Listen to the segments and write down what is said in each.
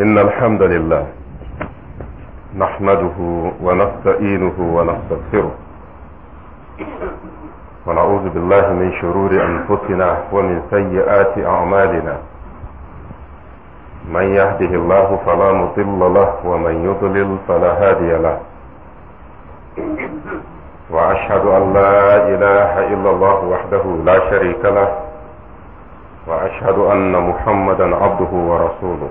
إن الحمد لله نحمده ونستئينه ونستغفره ونعوذ بالله من شرور أنفسنا ومن سيئات أعمالنا من يهده الله فلا مضل له ومن يضلل فلا هادي له وأشهد أن لا إله إلا الله وحده لا شريك له وأشهد أن محمدا عبده ورسوله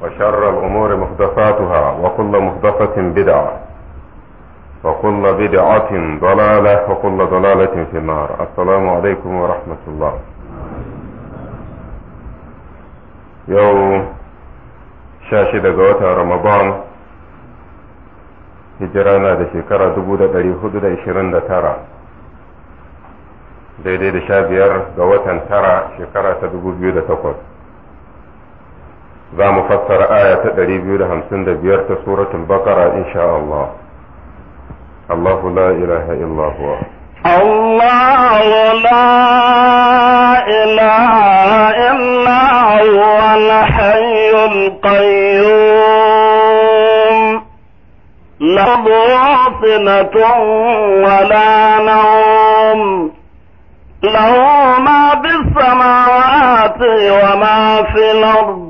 وشر الأمور محدثاتها وكل محدثة بدعة وكل بدعة ضلالة وكل ضلالة في النار السلام عليكم ورحمة الله يوم شاشة قوات رمضان هجرانا دا شكرا دبودة داري حدود شرن دا ترى daidai da شابير biyar ga watan tara shekara ta za mu fassara aya ta 255 ta suratul baqara insha Allah Allahu la ilaha illa huwa Allahu la الله لا إله إلا هو الحي القيوم لا باطنة la نوم له ما في السماوات وما في الأرض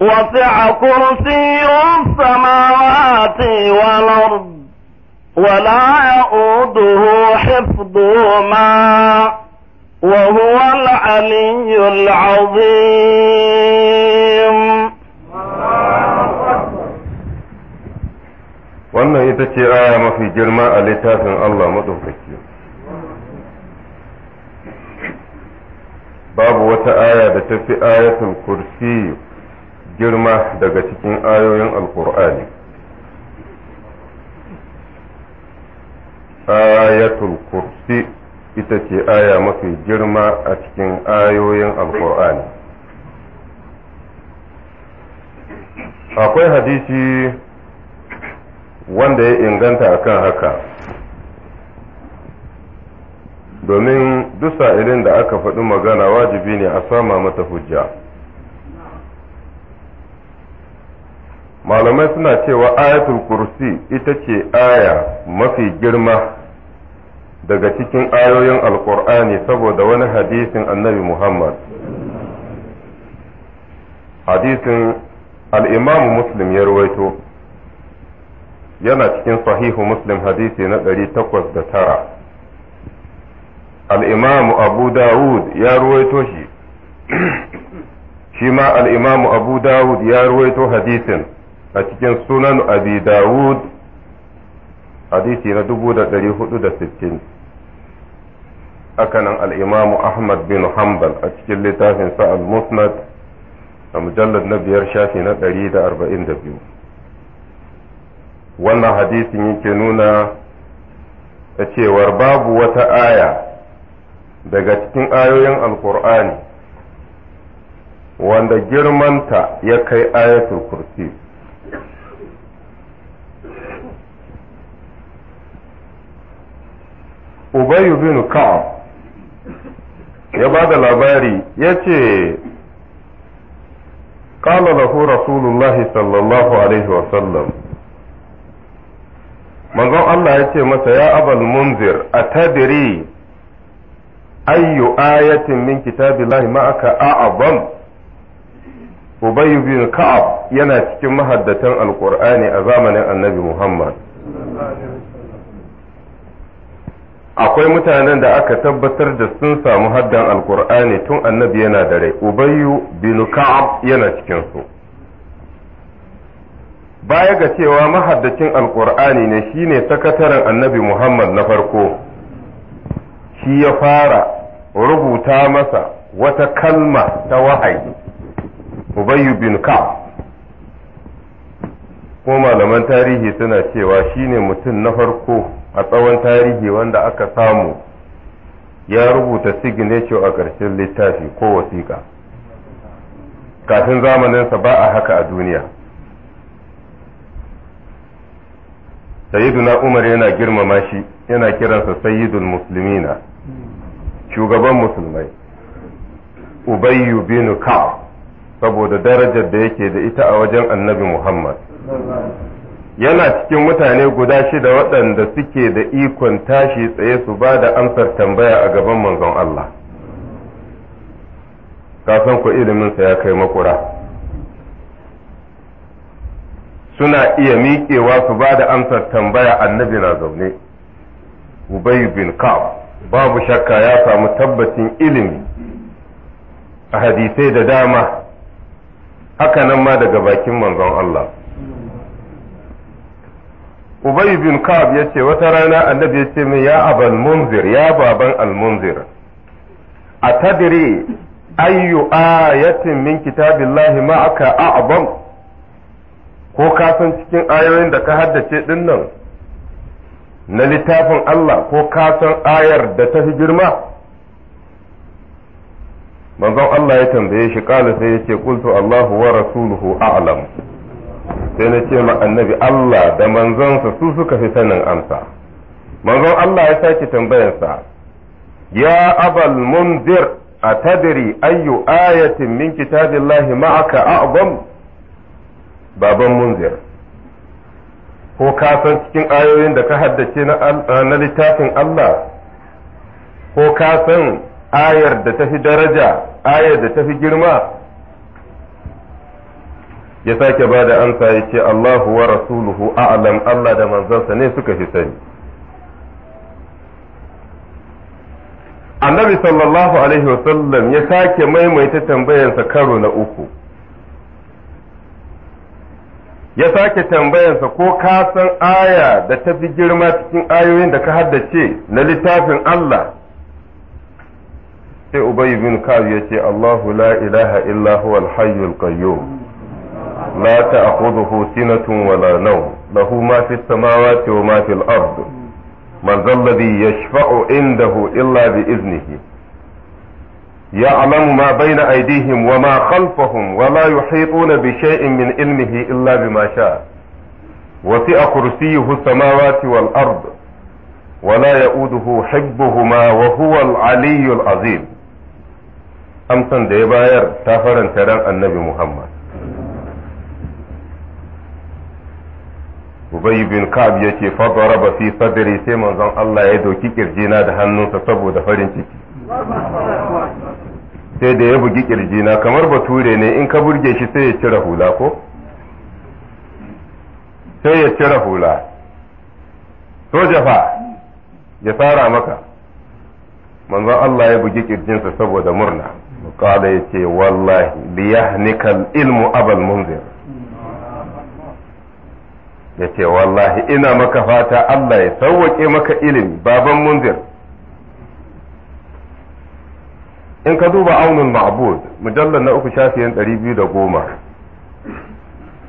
وسع كرسيه السماوات والأرض ولا يؤوده حفظهما وهو العلي العظيم wannan ita ce aya mafi girma a littafin Allah maɗaukaki babu wata aya da ta fi ayatul kursi girma daga cikin ayoyin alkur'ani ayatul kursi ita ce aya mafi girma a cikin ayoyin alkur'ani akwai hadisi wanda ya inganta akan haka domin duk irin da aka faɗi magana wajibi ne a sama mata hujja malamai suna cewa ayatul kursi ita ce aya mafi girma daga cikin ayoyin alkur'ani saboda wani hadisin annabi muhammad hadisin al'imamu muslim ya ruwaito yana cikin sahihu muslim hadisi na 809 al'imamu abu dawud ya ruwaito shi shi ma al'imamu abu dawud ya ruwaito hadisin a cikin sunan abi dawud hadisi na dubu da da hudu a hakanan al'imamu ahmad bin hanbal a cikin littafin sa'al musnad a mujallar na biyar shafi na da da arba'in biyu wannan hadisin yake nuna da cewar babu wata aya daga cikin ayoyin alkur'ani wanda girmanta ya kai ayatul kursi ubayu bin ka'ab ya ba da labari ya ce قال له رسول الله صلى الله manzon Allah ya ce masa ya abal munzir a tadiri ayyu ayatin min kitabillahi ma'aka a'abam Ubay bin Ka'ab yana cikin mahaddatan Alƙur'ani a zamanin Annabi Muhammad akwai mutanen da aka tabbatar da sun samu haddan alkur'ani tun annabi yana da rai ubayyu bin ka'ab yana cikin su baya ga cewa mahaddacin alkur'ani ne shine sakataren annabi muhammad na farko shi ya fara rubuta masa wata kalma ta wahayi ubayyu bin ka'ab ko malaman tarihi suna cewa shine mutum na farko a tsawon tarihi wanda aka samu ya rubuta signature a ƙarshen littafi ko wasiƙa kafin zamaninsa ba a haka a duniya sayyiduna umar yana girmama shi yana kiransa sayyidul musulmina shugaban musulmai ubayyu binu ka saboda darajar da yake da ita a wajen annabi muhammad yana cikin mutane guda shida waɗanda suke da ikon tashi tsaye su ba da amsar tambaya a gaban manzon Allah kasan ku iliminsa ya kai makura suna iya miƙewa su ba da amsar tambaya annabi na zaune ubay bin ka'ab babu shakka ya samu tabbacin ilimi a hadisai da dama haka nan ma daga bakin manzon Allah Ubay bin Ka'ab yace wata rana annabi yace min ya abal munzir ya baban al munzir atadri ayyu ayatin min kitabillahi ma'aka a'zam ko ka san cikin ayoyin da ka haddace din nan na littafin Allah ko ka san ayar da ta fi girma manzon Allah ya tambaye shi kala sai yace qultu Allahu wa rasuluhu a'lam sai na ce ma annabi Allah da manzonsa su suka fi sanin amsa manzon Allah ya sake tambayarsa ya abal munzir a tadiri ayyu ayatin min kitabillahi ma'aka a'zam baban munzir ko ka san cikin ayoyin da ka haddace na littafin Allah ko ka san ayar da ta fi daraja ayar da ta fi girma ya sake ba da amsa ya ce Allahu wa rasuluhu a'lam Allah da manzansa ne suka fi sani annabi sallallahu alaihi wasallam ya sake maimaita tambayansa karo na uku ya sake tambayansa ko ka san aya da ta fi girma cikin ayoyin da ka haddace na littafin Allah sai Ubay bin Ka'ab ya ce Allahu la ilaha illa huwal hayyul qayyum لا تأخذه سنة ولا نوم له ما في السماوات وما في الأرض من ذا الذي يشفع عنده إلا بإذنه يعلم ما بين أيديهم وما خلفهم ولا يحيطون بشيء من علمه إلا بما شاء وسع كرسيه السماوات والأرض ولا يؤوده حبهما وهو العلي العظيم أمسا ديباير تافرا ترى النبي محمد Ubayi bin Ka'ab ce fadara ba fi sadari sai manzon Allah ya doki na da hannunsa saboda farin ciki sai da ya bugi kirjina kamar bature ne in ka burge shi sai ya cire hula ko sai ya cire hula soja fa ya fara maka manzon Allah ya bugi kirjinsa saboda murna ya ce wallahi liyahnikal ilmu abal munzir ya ce wallahi ina maka fata Allah ya sauwaƙe maka ilimi baban munzir in ka duba aunin ma'bud mujallar na uku shafiyan ɗari biyu da goma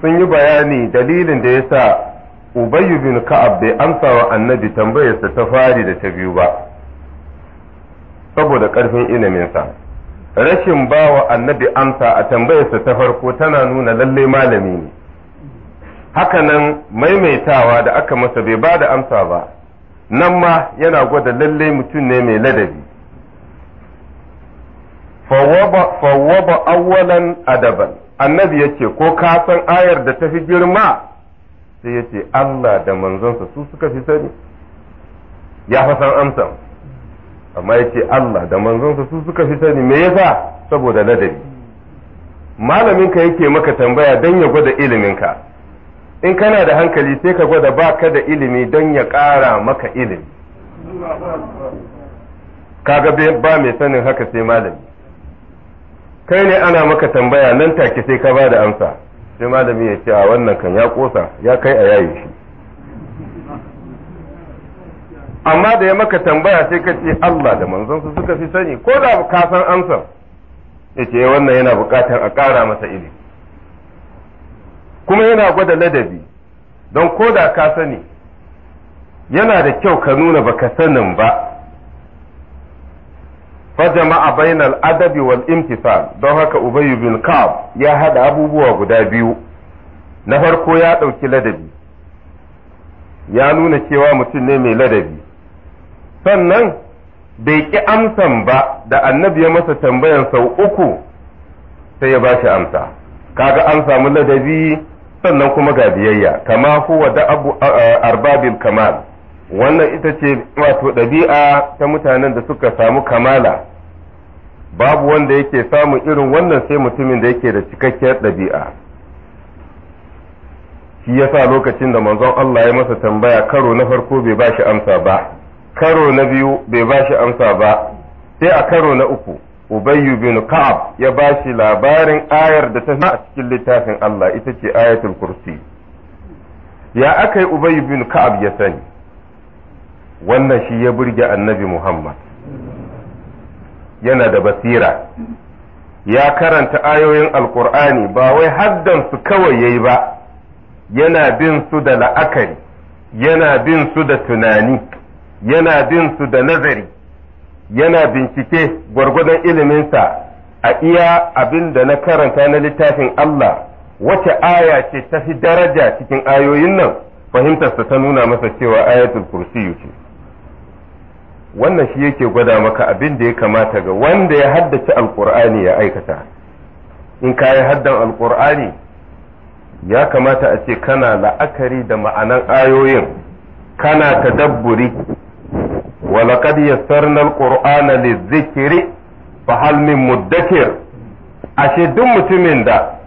sun yi bayani dalilin da ya sa ubayyu bin ka'ab bai amsa wa annabi tambayarsa ta fari da ta biyu ba saboda ƙarfin iliminsa rashin ba wa annabi amsa a tambayarsa ta farko tana nuna lallai malami ne hakanan maimaitawa da aka masa bai ba da amsa ba nan ma yana gwada lalle mutum ne mai ladabi fawwaba awwalan adaban annabi yace ko ka san ayar da ta fi girma sai yace Allah da manzonsa su suka fi sani ya fa san amsa amma yace Allah da manzonsa su suka fi sani me yasa saboda ladabi malamin ka yake maka tambaya dan ya gwada iliminka. ka in kana da hankali sai ka gwada ba ka da ilimi don ya ƙara maka ilimi kaga ba mai sanin haka sai malami kai ne ana maka tambaya nan take sai ka ba da amsa sai malami ya ce a wannan kan ya kosa ya kai a yayi shi amma da ya maka tambaya sai ka ce Allah da manzansu suka fi sani ko da ka san amsar ya ce wannan yana bukatar a ƙara masa ilimi kuma yana gwada ladabi don ko da ka sani yana da kyau ka nuna ba ka sanin ba fajama'a bainal adabi wal imtisal don haka ubayy bin ka'ab ya haɗa abubuwa guda biyu na farko ya ɗauki ladabi ya nuna cewa mutum ne mai ladabi sannan bai ƙi amsan ba da annabi ya masa tambayan sau uku sai ya ba shi amsa kaga an samu ladabi sannan kuma ga biyayya kama huwa da abu arbabil kamal wannan ita ce wato ɗabi'a ta mutanen da suka samu kamala babu wanda yake samun irin wannan sai mutumin da yake da cikakkiyar ɗabi'a shi yasa lokacin da manzon Allah ya masa tambaya karo na farko bai ba shi amsa ba karo na biyu bai ba shi amsa ba sai a karo na uku ubayyu bin ka'ab ya ba shi labarin ayar da ta a cikin littafin Allah ita ce ayatul kursi ya aka yi ubayyu bin ka'ab ya sani wannan shi ya burge annabi Muhammad yana da basira ya karanta ayoyin alkur'ani ba wai haddan su kawai yayi ba yana bin su da la'akari yana bin su da tunani yana bin su da nazari yana bincike gwargwadon iliminsa a iya abin da na karanta na littafin Allah wace aya ce ta fi daraja cikin ayoyin nan fahimtarsa ta nuna masa cewa ayatul kursi ce wannan shi yake gwada maka abin da ya kamata ga wanda ya haddace alkur'ani ya aikata in ka yi haddan alkur'ani ya kamata a ce kana la'akari da ma'anan ayoyin kana tadabburi ولقد يسرنا القرآن للذكر فهل من مدكر أشد متمن ده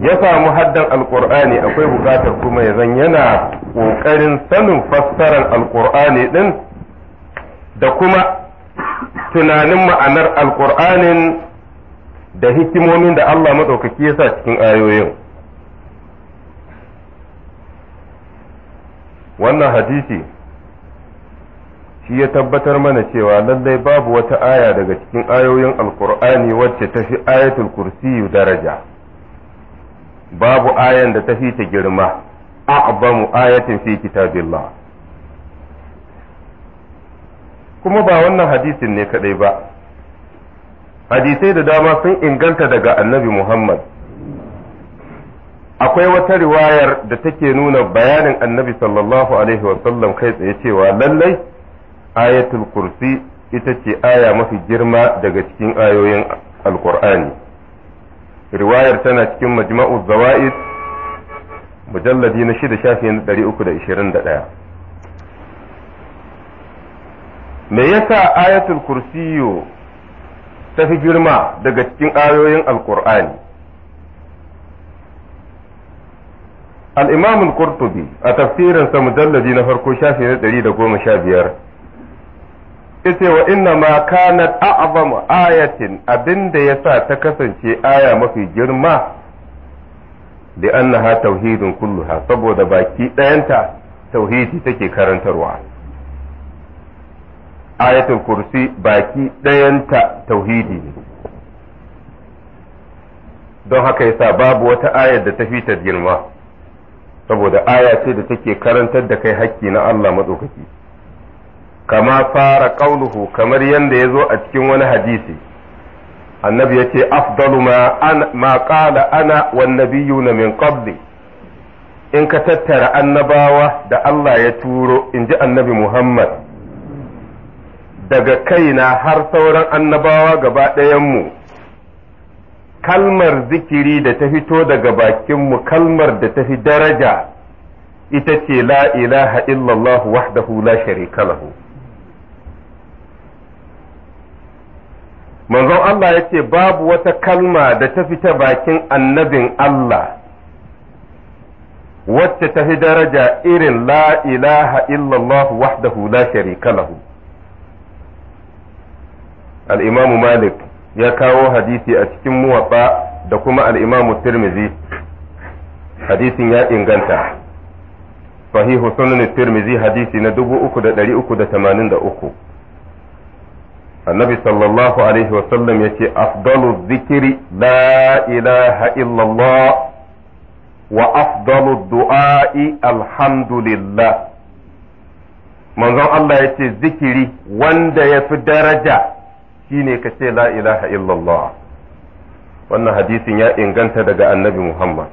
ya samu haddan alkur'ani akwai buƙatar kuma ya yana ƙoƙarin sanin fassarar Alƙur'ani ɗin da kuma tunanin ma'anar Alƙur'ani da hikimomin da Allah maɗaukaki ya sa cikin ayoyin wannan hadisi shi ya tabbatar mana cewa lallai babu wata aya daga cikin ayoyin alkur'ani wacce ta fi ayatul kursi daraja babu ayan da ta fi ta girma a'zamu ayatin fi kitabillah kuma ba wannan hadisin ne kadai ba hadisai da dama sun inganta daga annabi muhammad akwai wata riwayar da take nuna bayanin annabi sallallahu alaihi wasallam kai tsaye cewa lallai ayatul kursi ita ce aya mafi girma daga cikin ayoyin alkur'ani riwayar tana cikin majma'u zawa'id mujalladi na shida na uku da ishirin da ɗaya. me yasa ayatul kursiyo ta fi girma daga cikin ayoyin alkur'ani na farko shafi na ɗari da goma sha biyar. yace wa inna ma kanat a'zam ayatin abinda yasa ta kasance aya mafi girma da annaha tauhidun kulluha saboda baki ɗayanta tauhidi take karantarwa ayatul kursi baki ɗayanta tauhidi ne don haka yasa babu wata ayar da ta fitar girma saboda aya ce da take karantar da kai hakki na Allah maɗaukaki kama fara qauluhu kamar yadda ya zo a cikin wani hadisi annabi yace afdalu ma an ma qala ana wan min qabli in ka tattara annabawa da Allah ya turo inji annabi Muhammad daga kaina har sauran annabawa gaba ɗayanmu kalmar zikiri da ta fito daga bakinmu kalmar da ta fi daraja ita ce la ilaha illallah wahdahu la sharika lahu manzon Allah ya ce babu wata kalma da ta fita bakin annabin Allah wacce ta fi daraja irin la ilaha illallah wahdahu la sharika lahu al imam malik ya kawo hadisi a cikin muwatta da kuma al imam tirmidhi hadisin ya inganta sahihu sunan tirmidhi hadisi na 3383 annabi sallallahu alaihi wasallam ya ce afdalu zikiri la ilaha illallah wa afdalu du'a'i alhamdulillah manzon Allah ya ce zikiri wanda ya fi daraja shine ka ce la ilaha illallah wannan hadisin ya inganta daga annabi Muhammad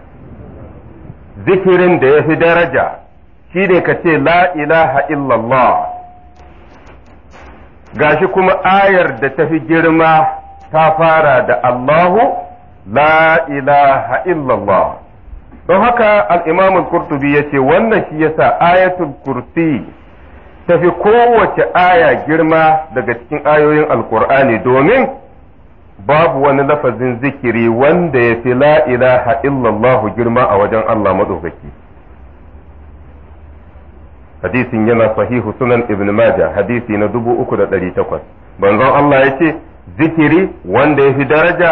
zikirin da ya fi daraja shine ka ce la ilaha illallah gashi kuma ayar da tafi girma ta fara da Allahu la ilaha illallah don haka al-Imam al-Qurtubi yace wannan shi yasa ayatul kursi tafi kowace aya girma daga cikin ayoyin alkur'ani domin babu wani lafazin zikiri wanda ya fi la ilaha illallah girma a wajen Allah madaukaki hadisin yana sahihu sunan ibn maja hadisi na dubu uku da ɗari takwas banzan Allah ya ce zikiri wanda ya fi daraja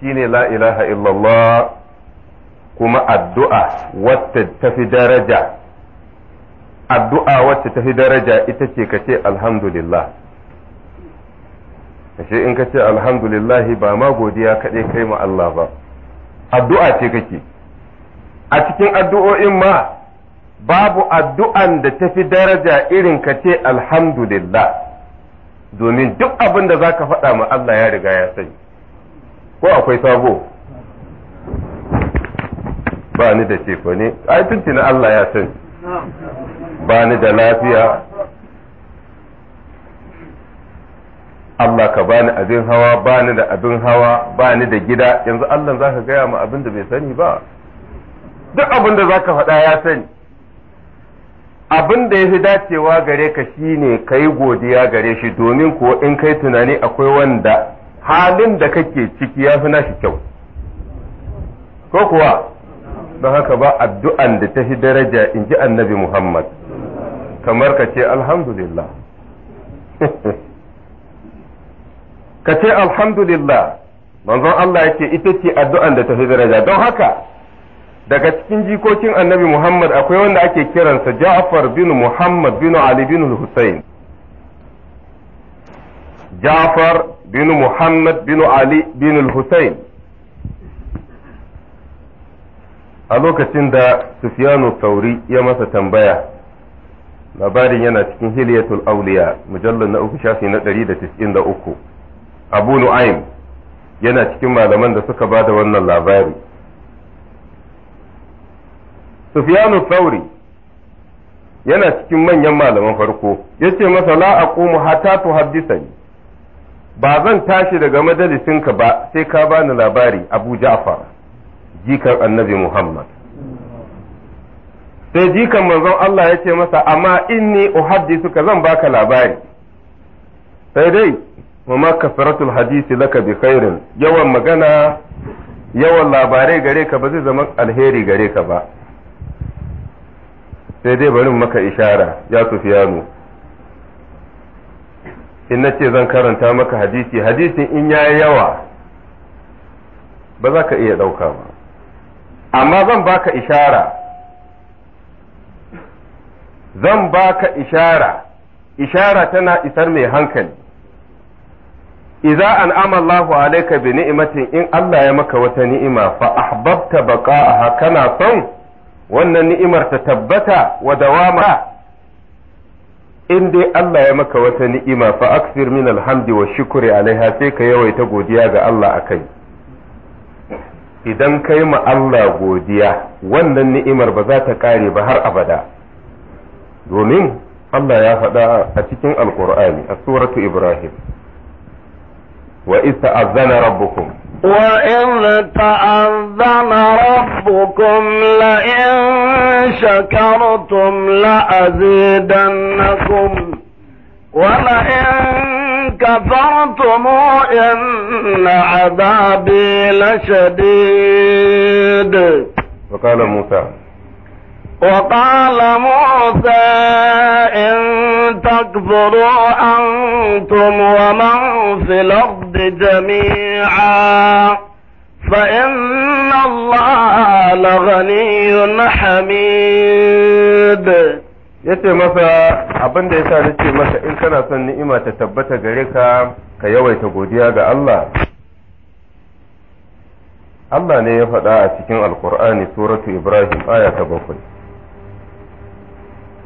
shine la ilaha illallah kuma addu'a wacce ta fi daraja addu'a wacce ta fi daraja ita ce ka ce alhamdulillah ashe in ka ce alhamdulillah ba ma godiya kaɗai kai ma Allah ba addu'a ce kake a cikin addu'o'in ma babu addu'an da tafi daraja irin ka ce alhamdulillah domin duk abin da za ka faɗa ma Allah ya riga ya sani ko akwai sabo ba ni da cefa ne ai na Allah ya sani ba ni da lafiya Allah ka bani abin hawa bani da abin hawa bani da gida yanzu Allah za ka gaya ma abin da bai sani ba duk abin da za ka faɗa ya sani abin da ya fi dacewa gare ka ne ka yi godiya gare shi domin kuwa in kai tunani akwai wanda halin da kake ciki ya fi nashi kyau ko kuwa don haka ba addu'an da ta fi daraja in ji annabi muhammad kamar ka ce alhamdulillah ka ce alhamdulillah manzon Allah ya ce ita ce addu'an da ta fi daraja don haka daga cikin jikokin annabi Muhammad akwai wanda ake kiransa Ja'far bin Muhammad bin Ali bin Hussein Ja'far bin Muhammad bin Ali bin Hussein a lokacin da Sufyanu Sauri ya masa tambaya labarin yana cikin Hilyatul Auliya mujallar na uku shafi na 193 Abu nu'aim yana cikin malaman da suka ba da wannan labari Sufiyanu Thauri yana cikin manyan malaman farko yace masa la aqumu hatta tuhaddisani ba zan tashi daga majalisinka ba sai ka bani labari Abu Ja'far jikan Annabi Muhammad sai jikan manzon Allah ya ce masa amma inni ka zan baka labari sai dai wama kasratul hadisi laka bi khairin yawan magana yawan labarai gare ka ba zai zama alheri gare ka ba sai dai bari maka ishara ya sufiyanu in na ce zan karanta maka hadisi hadisin in ya yawa ba za ka iya ɗauka ba amma zan baka ishara zan baka ishara ishara tana isar mai hankali iza an'ama Allahu alayka bi ni'matin in Allah ya maka wata ni'ima fa ahbabta baqa'aha kana son wannan ni'imar ta tabbata wa dawama in dai Allah ya maka wata ni'ima fa aksir min alhamdi wa shukri alaiha sai ka yawaita godiya ga Allah akai idan kai ma Allah godiya wannan ni'imar ba za ta kare ba har abada domin Allah ya faɗa a cikin alkur'ani a suratu ibrahim wa isa azana rabbukum وإذ تأذن ربكم لئن شكرتم لأزيدنكم ولئن كفرتم إن عذابي لشديد وقال موسى وقال موسى إن تكفروا أنتم ومن في الأرض جميعا فإن الله لغني حميد yace masa abin da yasa nace masa in kana son ni'ima ta tabbata gare ka ka yawaita godiya ga Allah Allah ne ya faɗa a cikin Alƙur'ani suratu Ibrahim aya ta bakwai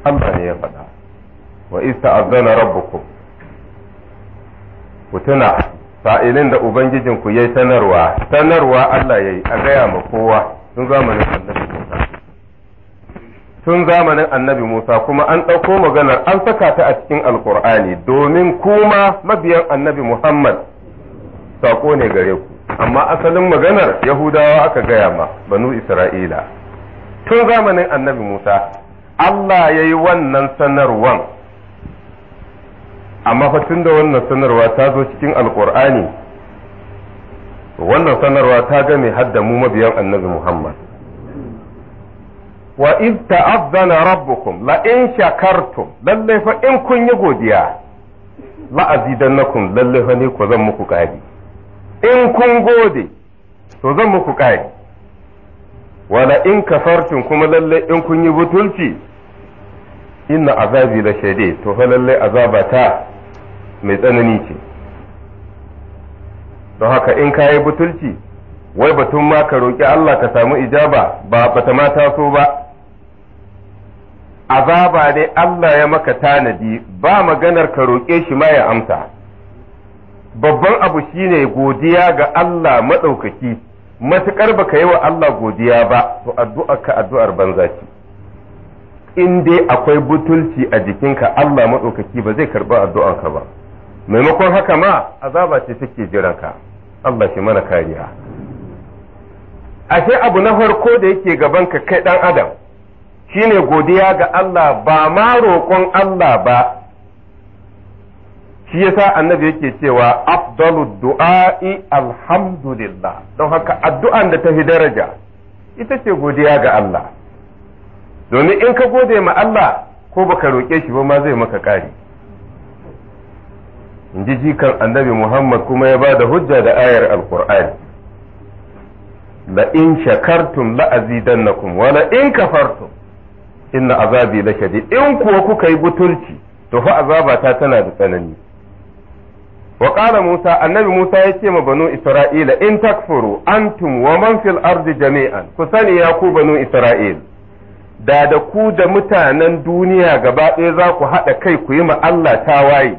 Allah ne ya faɗa wa azana rabbukum ku tuna sa'ilin da ubangijinku yayi sanarwa sanarwa Allah yayi a gaya ma kowa tun zamanin annabi Musa tun zamanin annabi Musa kuma an ɗauko maganar an saka ta a cikin alkur'ani domin kuma mabiyan annabi Muhammad sako ne gare ku amma asalin maganar yahudawa aka gaya ma banu isra'ila tun zamanin annabi Musa Allah ya yi wannan sanarwan amma fa tun da wannan sanarwa ta zo cikin alkur'ani wannan sanarwa ta mai hadda mu mabiyan annabi Muhammad wa iz ta'azzana rabbukum la in shakartum lalle fa in kun yi godiya la azidannakum lalle fa ne ku zan muku kari in kun gode to zan muku kari wala in kafartum kuma lalle in kun yi butulci inna azabi la shade to fa lalle azabata mai tsanani ce don haka in kayi butulci wai batun ma ka roƙi Allah ka samu ijaba ba bata mata so ba azaba dai Allah ya maka tanadi ba maganar ka roƙe shi ma ya amsa babban abu shine godiya ga Allah maɗaukaki matukar baka yi wa Allah godiya ba to addu'a ka addu'ar banza ce in dai akwai butulci a jikinka Allah maɗaukaki ba zai karɓi addu'anka ba maimakon haka ma azaba ce take jiranka Allah shi mana kariya ashe abu na farko da yake gabanka kai ɗan adam shine godiya ga Allah ba ma roƙon Allah ba shi yasa annabi yake cewa afdalu du'a'i alhamdulillah don haka addu'an da ta fi daraja ita ce godiya ga Allah domin in ka gode ma Allah ko baka roƙe shi ba ma zai maka ƙari in ji jikan annabi Muhammad kuma ya ba da hujja da ayar alkur'ani la in shakartum la azidannakum wa la in kafartum inna azabi la in kuwa kuka yi butulci to fa azabata tana da tsanani wa qala Musa annabi Musa ya ce ma banu Isra'ila in takfuru antum wa man fil ardi jami'an ku sani ya ku banu Isra'il da da ku da mutanen duniya gaba ɗaya za ku haɗa kai ku yi ma Allah tawaye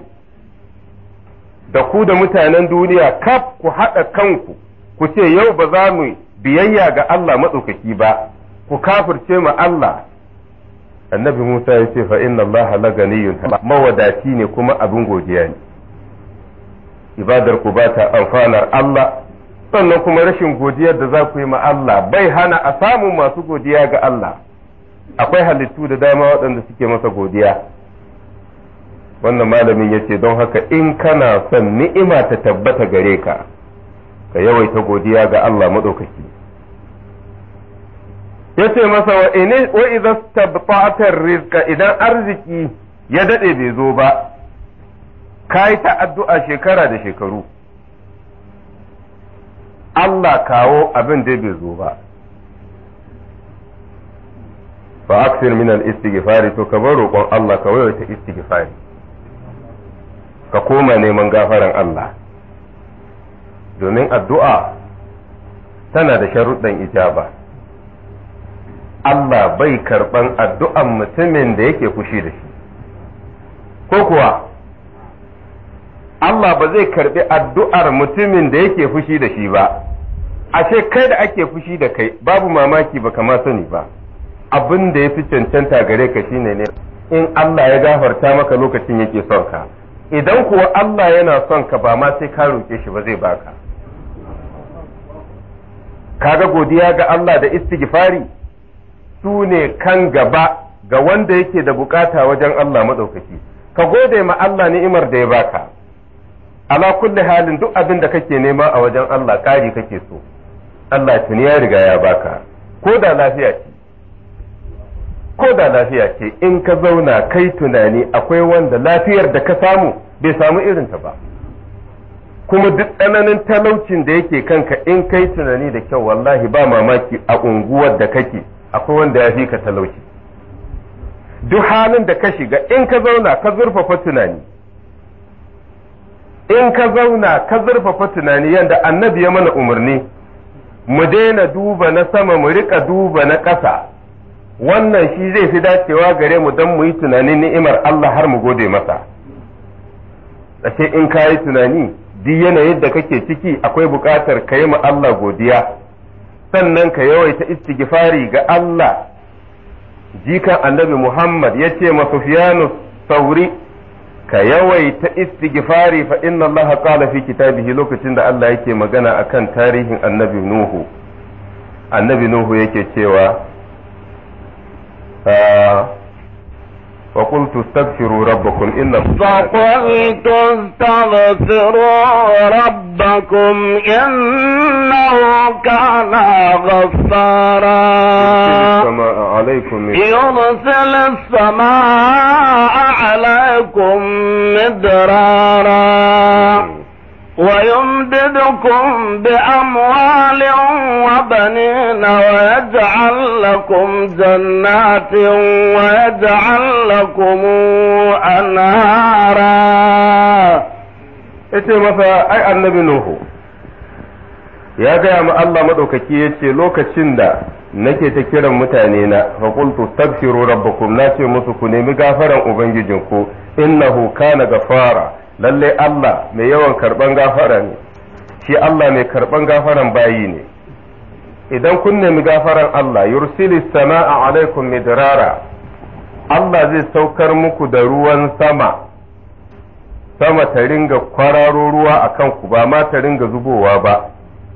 da ku da mutanen duniya kaf ku haɗa kanku ku ce yau ba za mu biyayya ga Allah matsukaki ba ku kafirce ma Allah annabi Musa ya ce fa inna Allah la ma mawadaci ne kuma abin godiya ne ibadar ku ba ta amfanar Allah sannan kuma rashin godiyar da za ku yi ma Allah bai hana a samu masu godiya ga Allah akwai halittu da dama waɗanda suke masa godiya wannan malamin ya ce don haka in kana son ni'ima ta tabbata gare ka ka yawaita godiya ga Allah maɗaukaki ya ce masa wa idan arziki ya daɗe bai zo ba ka yi ta addu'a shekara da shekaru Allah kawo abin da bai zo ba fa aksir min al-istighfari to ka bar roƙon Allah ka ta istighfari ka koma neman gafaran Allah domin addu'a tana da sharuɗan ijaba Allah bai karɓan addu'an mutumin da yake fushi da shi ko kuwa Allah ba zai karbi addu'ar mutumin da yake fushi da shi ba ashe kai da ake fushi da kai babu mamaki ba kama sani ba abin da ya fi cancanta gare ka shine ne in Allah ya gafarta maka lokacin yake son ka idan kuwa Allah yana son ka ba ma sai ka roƙe shi ba zai baka kaga godiya ga Allah da istighfari su ne kan gaba ga wanda yake da bukata wajen Allah madaukaki ka gode ma Allah ni'imar da ya baka ala kulli halin duk abin da kake nema a wajen Allah kari kake so Allah tuni ya riga ya baka ko da lafiya ce ko da lafiya ce in ka zauna kai tunani akwai wanda lafiyar da ka samu bai samu irin ta ba kuma duk tsananin talaucin da yake kanka in kai tunani da kyau wallahi ba mamaki a unguwar da kake akwai wanda ya fi ka talauci duk halin da ka shiga in ka zauna ka zurfafa tunani in ka zauna ka zurfafa tunani yadda annabi ya mana umarni mu daina duba na sama mu rika duba na ƙasa wannan shi zai fi dacewa gare mu don mu yi tunanin ni'imar Allah har mu gode masa ashe in ka yi tunani duk yanayin da kake ciki akwai buƙatar ka yi Allah godiya sannan ka yawaita istighfari ga Allah jikan annabi Muhammad ya ce ma Sauri ka yawaita istighfari fa inna Allah qala fi kitabihi lokacin da Allah yake magana akan tarihin annabi Nuhu annabi Nuhu yake cewa ah, فقلت استغفروا ربكم إنه فقلت استغفروا ربكم إنه كان غفارا عليكم يرسل السماء عليكم مدرارا ويرسل يمددكم بأموال وبنين ويجعل لكم جنات ويجعل لكم أنهارا ita masa ai annabi Nuhu ya gaya ma Allah madaukaki ya ce lokacin da nake ta kiran mutane na fa qultu rabbakum na ce musu ku nemi gafaran ubangijinku innahu kana gafara lalle Allah mai yawan karɓan gafara ne shi Allah mai karɓan gafaran bayi ne idan kun nemi gafaran Allah yursili sama'a alaikum midrara Allah zai saukar muku da ruwan sama sama ta ringa kwararo ruwa a kanku ba ma ta ringa zubowa ba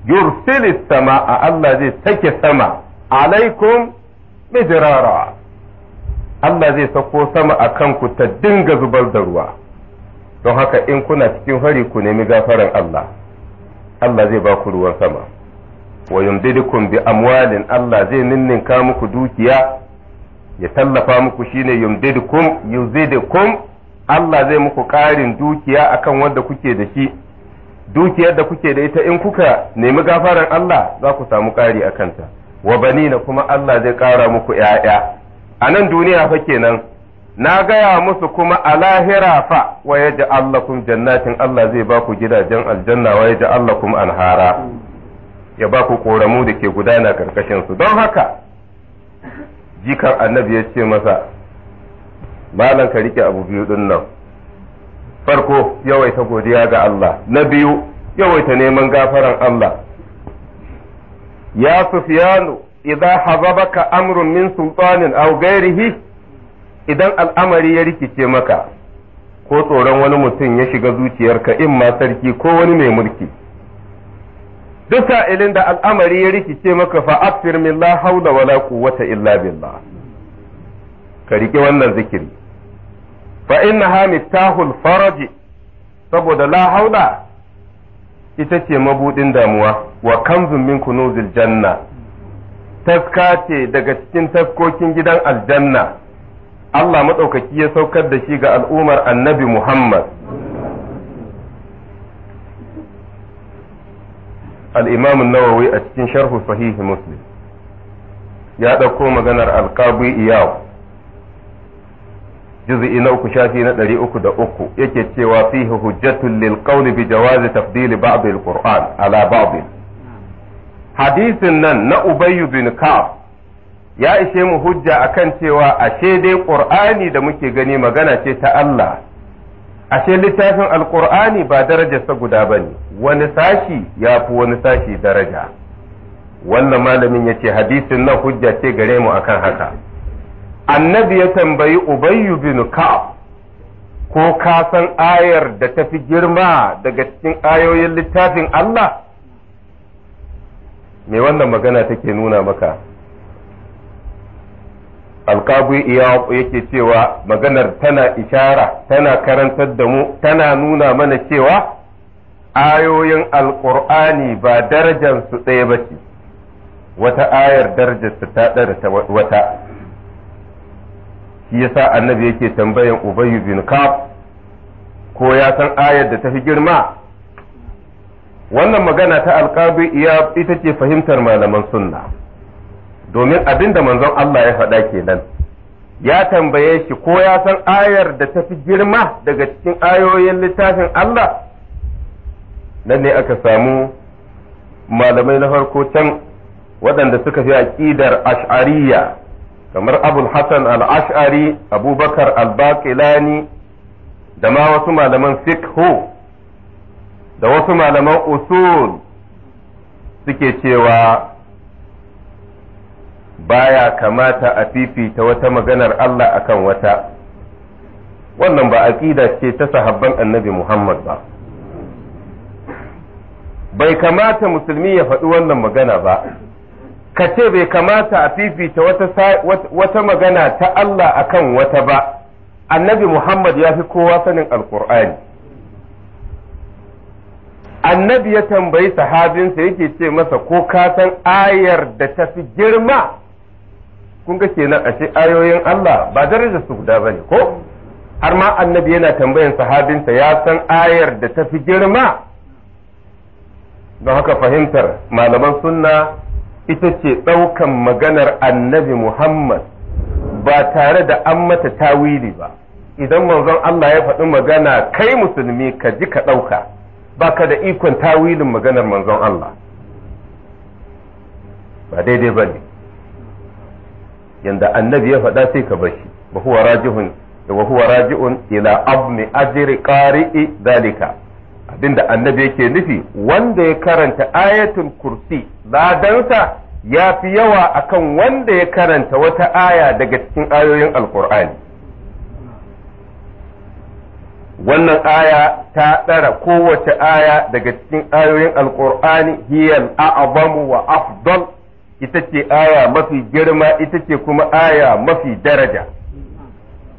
yursili sama'a Allah zai take sama alaikum midrara Allah zai sako sama a kanku ta dinga zubar da ruwa don haka in kuna cikin hari ku nemi gafaran Allah Allah zai ba ku ruwan sama wa yumdidukum bi amwalin Allah zai ninninka muku dukiya ya tallafa muku shine yumdidukum yuzidukum Allah zai muku ƙarin dukiya akan wanda kuke da shi dukiyar da kuke da ita in kuka nemi gafaran Allah za ku samu ƙari a kanta wa banina kuma Allah zai ƙara muku ƴaƴa a nan duniya fa kenan na gaya musu kuma a lahira fa wa ya kun jannatin Allah zai ba ku gidajen aljanna wa ya kun anhara ya ba ku koramu da ke gudana karkashin su don haka jikan annabi ya ce masa malan ka rike abu biyu din nan farko yawaita godiya ga Allah na biyu yawaita neman gafaran Allah ya sufiyanu idza hababaka amrun min sultanin aw ghairihi idan al'amari ya rikice maka ko tsoron wani mutum ya shiga zuciyarka in ma sarki ko wani mai mulki duk sa'ilin da al'amari ya rikice maka fa'afir min la haula wala quwwata illa billah ka rike wannan zikiri fa innaha miftahul faraji saboda la haula ita ce mabudin damuwa wa kanzun min kunuzil janna taska ce daga cikin taskokin gidan aljanna Allah maɗaukaki ya saukar da shi ga al'ummar annabi Muhammad. Al'imamin Nawawi a cikin sharhu sahihi Muslim ya ɗauko maganar alƙabi iyaw juz'i na uku shafi na ɗari uku da uku yake cewa fihi hujjatun lil qawli bi jawazi tafdili ba'd al-Qur'an ala ba'd hadisin nan na Ubay bin Ka'ab ya ishe mu hujja akan cewa ashe dai Al-ƙur'ani da muke gani magana ce ta Allah ashe littafin alqur'ani ba darajarsa guda ne, wani sashi ya fi wani sashi daraja wannan malamin ya ce hadisin na hujja ce gare mu akan haka annabi ya tambayi ubayyu bin ka'ab ko ka san ayar da ta fi girma daga cikin ayoyin littafin Allah me wannan magana take nuna maka alkabu yake cewa maganar tana ishara tana karantar da mu tana nuna mana cewa ayoyin alkur'ani ba darajarsu ɗaya ba ce wata ayar darajarsu ta ɗara ta wata shi yasa annabi yake tambayan ubayu bin kaf ko ya san ayar da ta fi girma wannan magana ta alkabu ita ce fahimtar malaman sunna domin abin da manzon Allah ya faɗa kenan ya tambaye shi ko ya san ayar da ta fi girma daga cikin ayoyin littafin Allah nan ne aka samu malamai na farko can waɗanda suka fi aƙidar ash'ariya kamar abul hasan al-ash'ari abubakar al-baqilani da ma wasu malaman fiqhu da wasu malaman usul suke cewa baya kamata a fifita wata maganar Allah akan wata wannan ba aƙida ce ta sahabban annabi Muhammad ba bai kamata musulmi ya faɗi wannan magana ba ka ce bai kamata a fifita wata magana ta Allah akan wata ba annabi Muhammad ya fi kowa sanin alkur'ani annabi ya tambayi sahabinsa yake ce masa ko ka san ayar da ta fi girma kun ga kenan ce ayoyin Allah ba darajar su guda bane ko har ma annabi yana tambayan sahabinta ya san ayar da ta fi girma don haka fahimtar malaman sunna ita ce ɗaukan maganar annabi Muhammad ba tare da an mata tawili ba idan manzon Allah ya faɗi magana kai musulmi ka ji ka ɗauka baka da ikon tawilin maganar manzon Allah ba daidai ba ne yanda annabi ya faɗa sai ka bashi wa huwa rajihun wa huwa raji'un ila abni ajri qari'i dalika abinda annabi yake nufi wanda ya karanta ayatul kursi ladansa ya fi yawa akan wanda ya karanta wata aya daga cikin ayoyin alkur'ani wannan aya ta ɗara kowace aya daga cikin ayoyin alkur'ani hiyal a'zamu wa afdal ita ce aya mafi girma ita ce kuma aya mafi daraja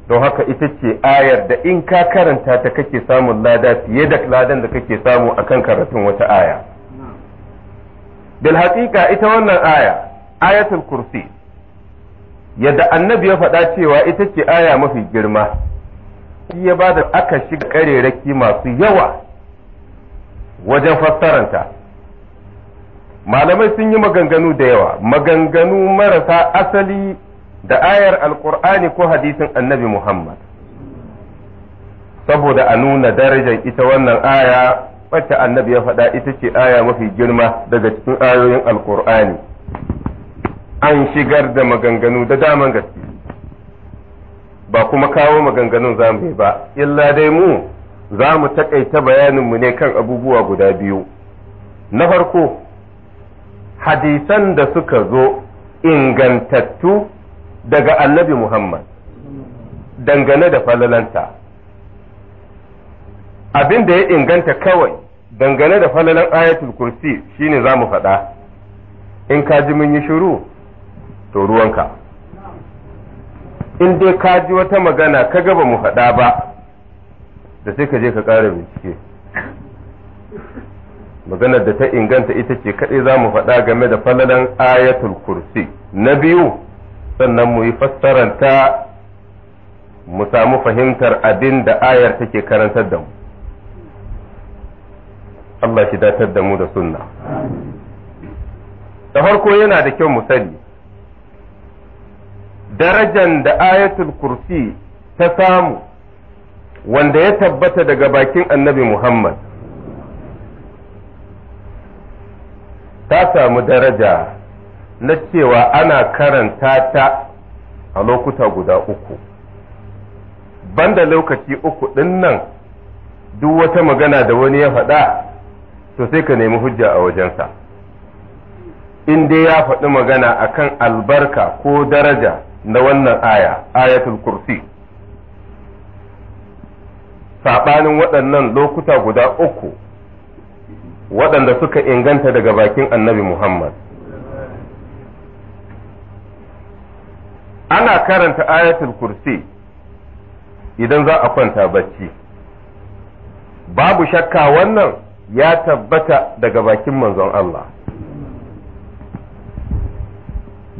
don haka ita ce ayar da in ka karanta ta kake samun lada fiye da ladan da kake samu a kan karatun wata aya bil haƙiƙa ita wannan aya ayatul kursi yadda annabi ya faɗa cewa ita ce aya mafi girma ya ba da aka shiga ƙarerraki masu yawa wajen fassaranta malamai sun yi maganganu da yawa maganganu marasa asali da ayar alkur'ani ko hadisin annabi muhammad saboda a nuna darajar ita wannan aya wacce annabi ya faɗa ita ce aya mafi girma daga cikin ayoyin alkur'ani an shigar da maganganu da daman gaske ba kuma kawo maganganun zamu yi ba illa dai mu za mu taƙaita bayaninmu ne kan abubuwa guda biyu na farko hadisan da suka zo ingantattu daga annabi Muhammad dangane da falalanta abin da ya inganta kawai dangane da falalan ayatul kursi shine za mu faɗa in ka ji mun yi shiru to ruwanka in dai ka ji wata magana ka gaba mu faɗa ba da sai ka je ka ƙara bincike maganar da ta inganta ita ce kaɗai za mu faɗa game da falalan ayatul kursi na biyu sannan mu yi fassaranta mu samu fahimtar abin da ayar take karantar da mu Allah shi datar da mu da sunna da farko yana da kyau mu sani darajan da ayatul kursi ta samu wanda ya tabbata daga bakin annabi Muhammad ta samu daraja na cewa ana karanta ta a lokuta guda uku banda lokaci uku ɗin nan duk wata magana da wani ya faɗa to sai ka nemi hujja a wajensa in dai ya faɗi magana akan albarka ko daraja na wannan aya ayatul kursi saɓanin waɗannan lokuta guda uku waɗanda suka inganta daga bakin annabi Muhammad. Ana karanta ayatul kursi idan za a kwanta bacci. Babu shakka wannan ya tabbata daga bakin manzon Allah.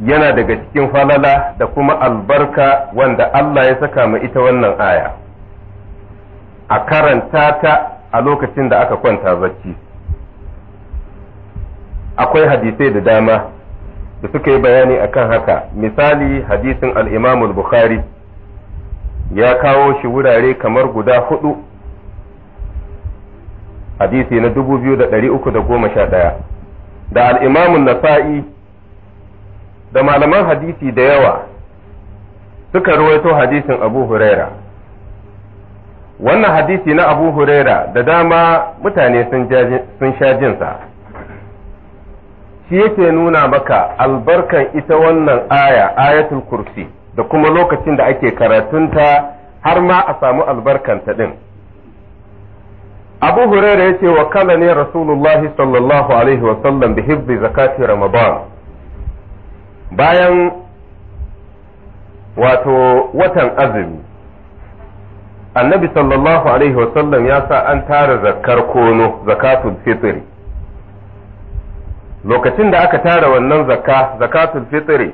Yana daga cikin falala da kuma albarka wanda Allah ya saka mu ita wannan aya. A karanta ta a lokacin da aka kwanta bacci. akwai hadisai da dama da suka yi bayani akan haka misali hadisin al'imamul bukhari ya kawo shi wurare kamar guda hudu hadisi na 2311 da al'imamun nasa'i da malaman hadisi da yawa suka ruwaito hadisin abu huraira wannan hadisi na abu huraira da dama mutane sun sha jinsa shi yake nuna maka albarkan ita wannan aya ayatul kursi da kuma lokacin da ake karatunta har ma a samu albarkanta din abu huraira ya ce wa kala ne rasulullahi sallallahu alaihi wasallam da hibbi zakati ramadan bayan wato watan azumi annabi sallallahu alaihi wasallam ya sa an tara zakar kono zakatul fitri lokacin da aka tara wannan zakka zakatul fitri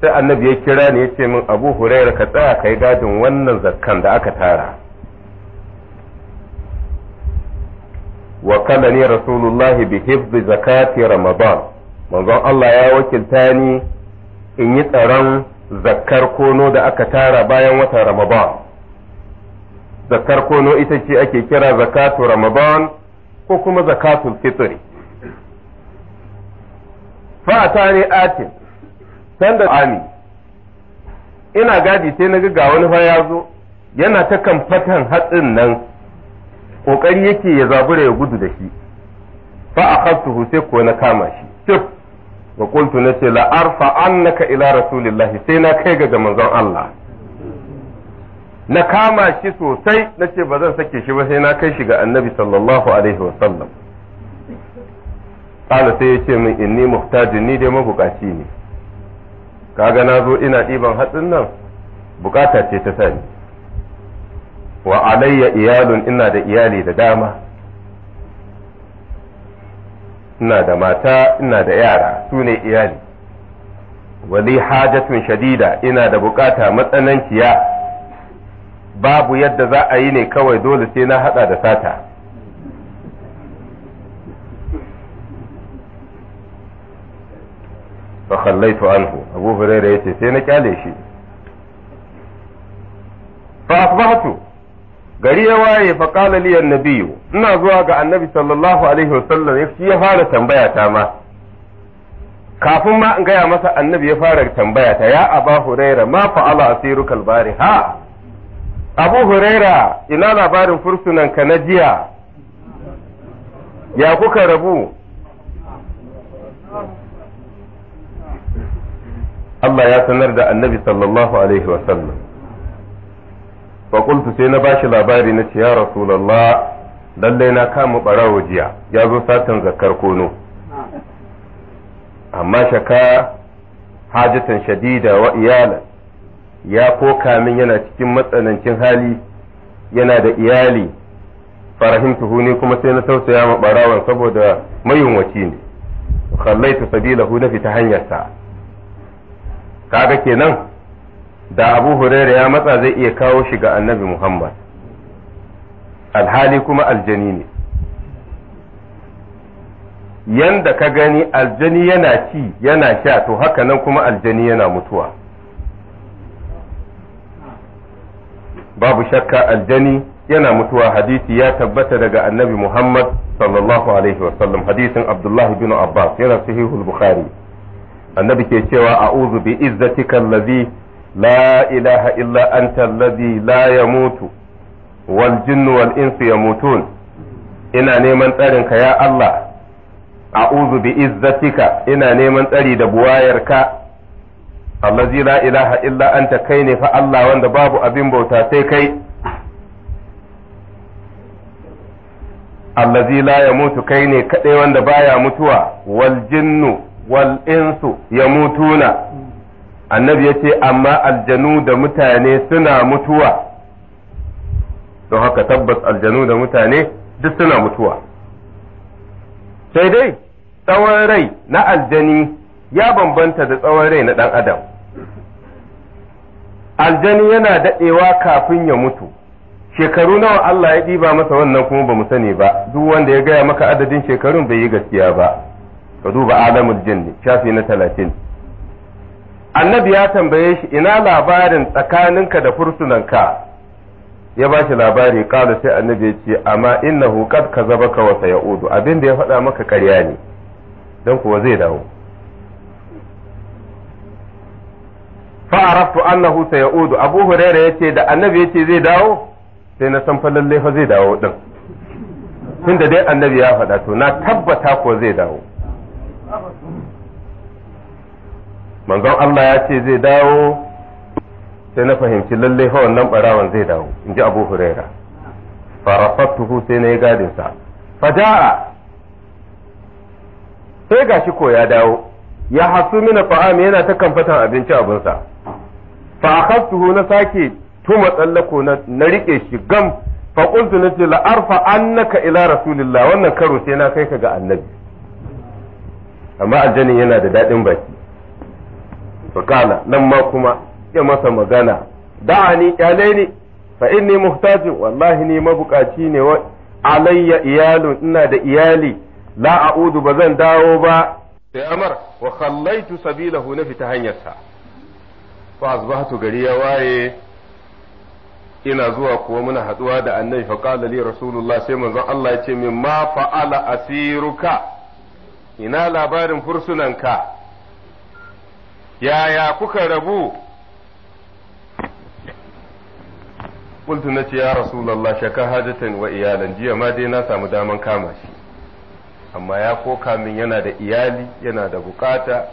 sai annabi ya kira ni ya ce min abu huraira ka tsaya ka yi gadin wannan zakkan da aka tara wa ne ni rasulullah bi hifzi zakati ramadan manzon Allah ya wakilta ni in yi tsaron zakkar kono da aka tara bayan watan ramadan zakkar kono ita ce ake kira zakatu ramadan ko kuma zakatul fitri fa atani atin sanda ami ina gadi sai na ga wani fa ya zo yana ta kamfatan hatsin nan kokari yake ya zabura ya gudu da shi fa akhadtuhu sai ko na kama shi tif wa qultu ce la arfa annaka ila rasulillahi sai na kai ga manzon Allah na kama shi sosai nace ba zan sake shi ba sai na kai shi ga annabi sallallahu alaihi wasallam kala sai ya ce min inni muhtajin ni dai mabukaci ne kaga na zo ina ɗiban hatsin nan bukata ce ta sani wa alayya iyalun ina da iyali da dama ina da mata ina da yara su ne iyali wali hajatun shadida ina da bukata matsananciya babu yadda za a yi ne kawai dole sai na haɗa da sata fa khallaitu anhu abu huraira yace sai na kyale shi fa asbahtu gari ya waye fa qala li annabiyyu ina zuwa ga annabi sallallahu alaihi wasallam ya fara tambaya ta ma kafin ma in gaya masa annabi ya fara tambaya ta ya aba huraira ma fa'ala asirukal bari ha abu huraira ina labarin fursunan ka na jiya ya kuka rabu Allah ya sanar da annabi sallallahu alaihi wasallam faƙultu sai na bashi labari na ce ya rasulallah lallai na kama ɓarawo jiya ya zo satan zakar kono amma shaka hajatan shadida wa iyalan ya koka min yana cikin matsanancin hali yana da iyali farahimtu ne kuma sai na tausaya ma ɓarawon saboda mayunwaci ne khallaitu hu na fita hanyarsa kaga kenan da abu huraira ya matsa zai iya kawo shi ga annabi muhammad alhali kuma aljani ne yanda ka gani aljani yana ci yana sha to haka nan kuma aljani yana mutuwa babu shakka aljani yana mutuwa hadisi ya tabbata daga annabi muhammad sallallahu alaihi wasallam hadisin abdullahi bin abbas yana sahihul bukhari annabi ke cewa a'udhu bi izzatika allazi la ilaha illa anta allazi la yamutu wal jinnu wal insu yamutun ina neman tsarin ka ya Allah a'udhu bi izzatika ina neman tsari da buwayarka allazi la ilaha illa anta kai ne fa Allah wanda babu abin bauta sai kai allazi la yamutu kai ne kadai wanda baya mutuwa wal jinnu wal insu yamutuna annabi ya ce amma aljanu da mutane suna mutuwa don haka tabbas aljanu da mutane duk suna mutuwa sai dai tsawon rai na aljani ya bambanta da tsawon rai na ɗan adam aljani yana daɗewa kafin ya mutu shekaru nawa Allah ya ɗiba masa wannan kuma ba mu sani ba duk wanda ya gaya maka adadin shekarun bai yi gaskiya ba ka duba alamul jinni shafi na talatin annabi ya tambaye shi ina labarin tsakaninka da fursunanka ya ba shi labari kala sai annabi ya ce amma innahu qad kazabaka wa sayaudu abin da ya faɗa maka ƙarya ne dan kuwa zai dawo fa araftu annahu sayaudu abu huraira yace da annabi yace zai dawo sai na san fa lalle fa zai dawo din tunda dai annabi ya faɗa to na tabbata ko zai dawo manzon Allah ya ce zai dawo sai na fahimci lalle fa wannan barawan zai dawo in ji abu huraira farafattuhu sai na yi gadinsa faja'a sai gashi ko ya dawo ya hasu mina fa'am yana ta kamfatan abinci abinsa fa na sake tuma tsallako na rike shi gam fa qultu nace la arfa annaka ila rasulillah wannan karo sai na kai ka ga annabi amma aljanin yana da daɗin baki fakala nan ma kuma ya masa magana ni, kyale ni fa inni muhtaji wallahi ni mabukaci ne wa alayya iyalun ina da iyali la a'udu ba zan dawo ba sai amar wa khallaitu sabilahu na fita hanyarsa fa asbahtu gari ya waye ina zuwa kuwa muna haduwa da annabi fa qala li rasulullah sai manzon Allah ya ce min ma fa'ala asiruka ina labarin fursunanka yaya kuka rabu na ce ya rasulullah shakar hajatan wa iyalan jiya ma dai na samu daman kama shi amma ya koka min yana da iyali yana da bukata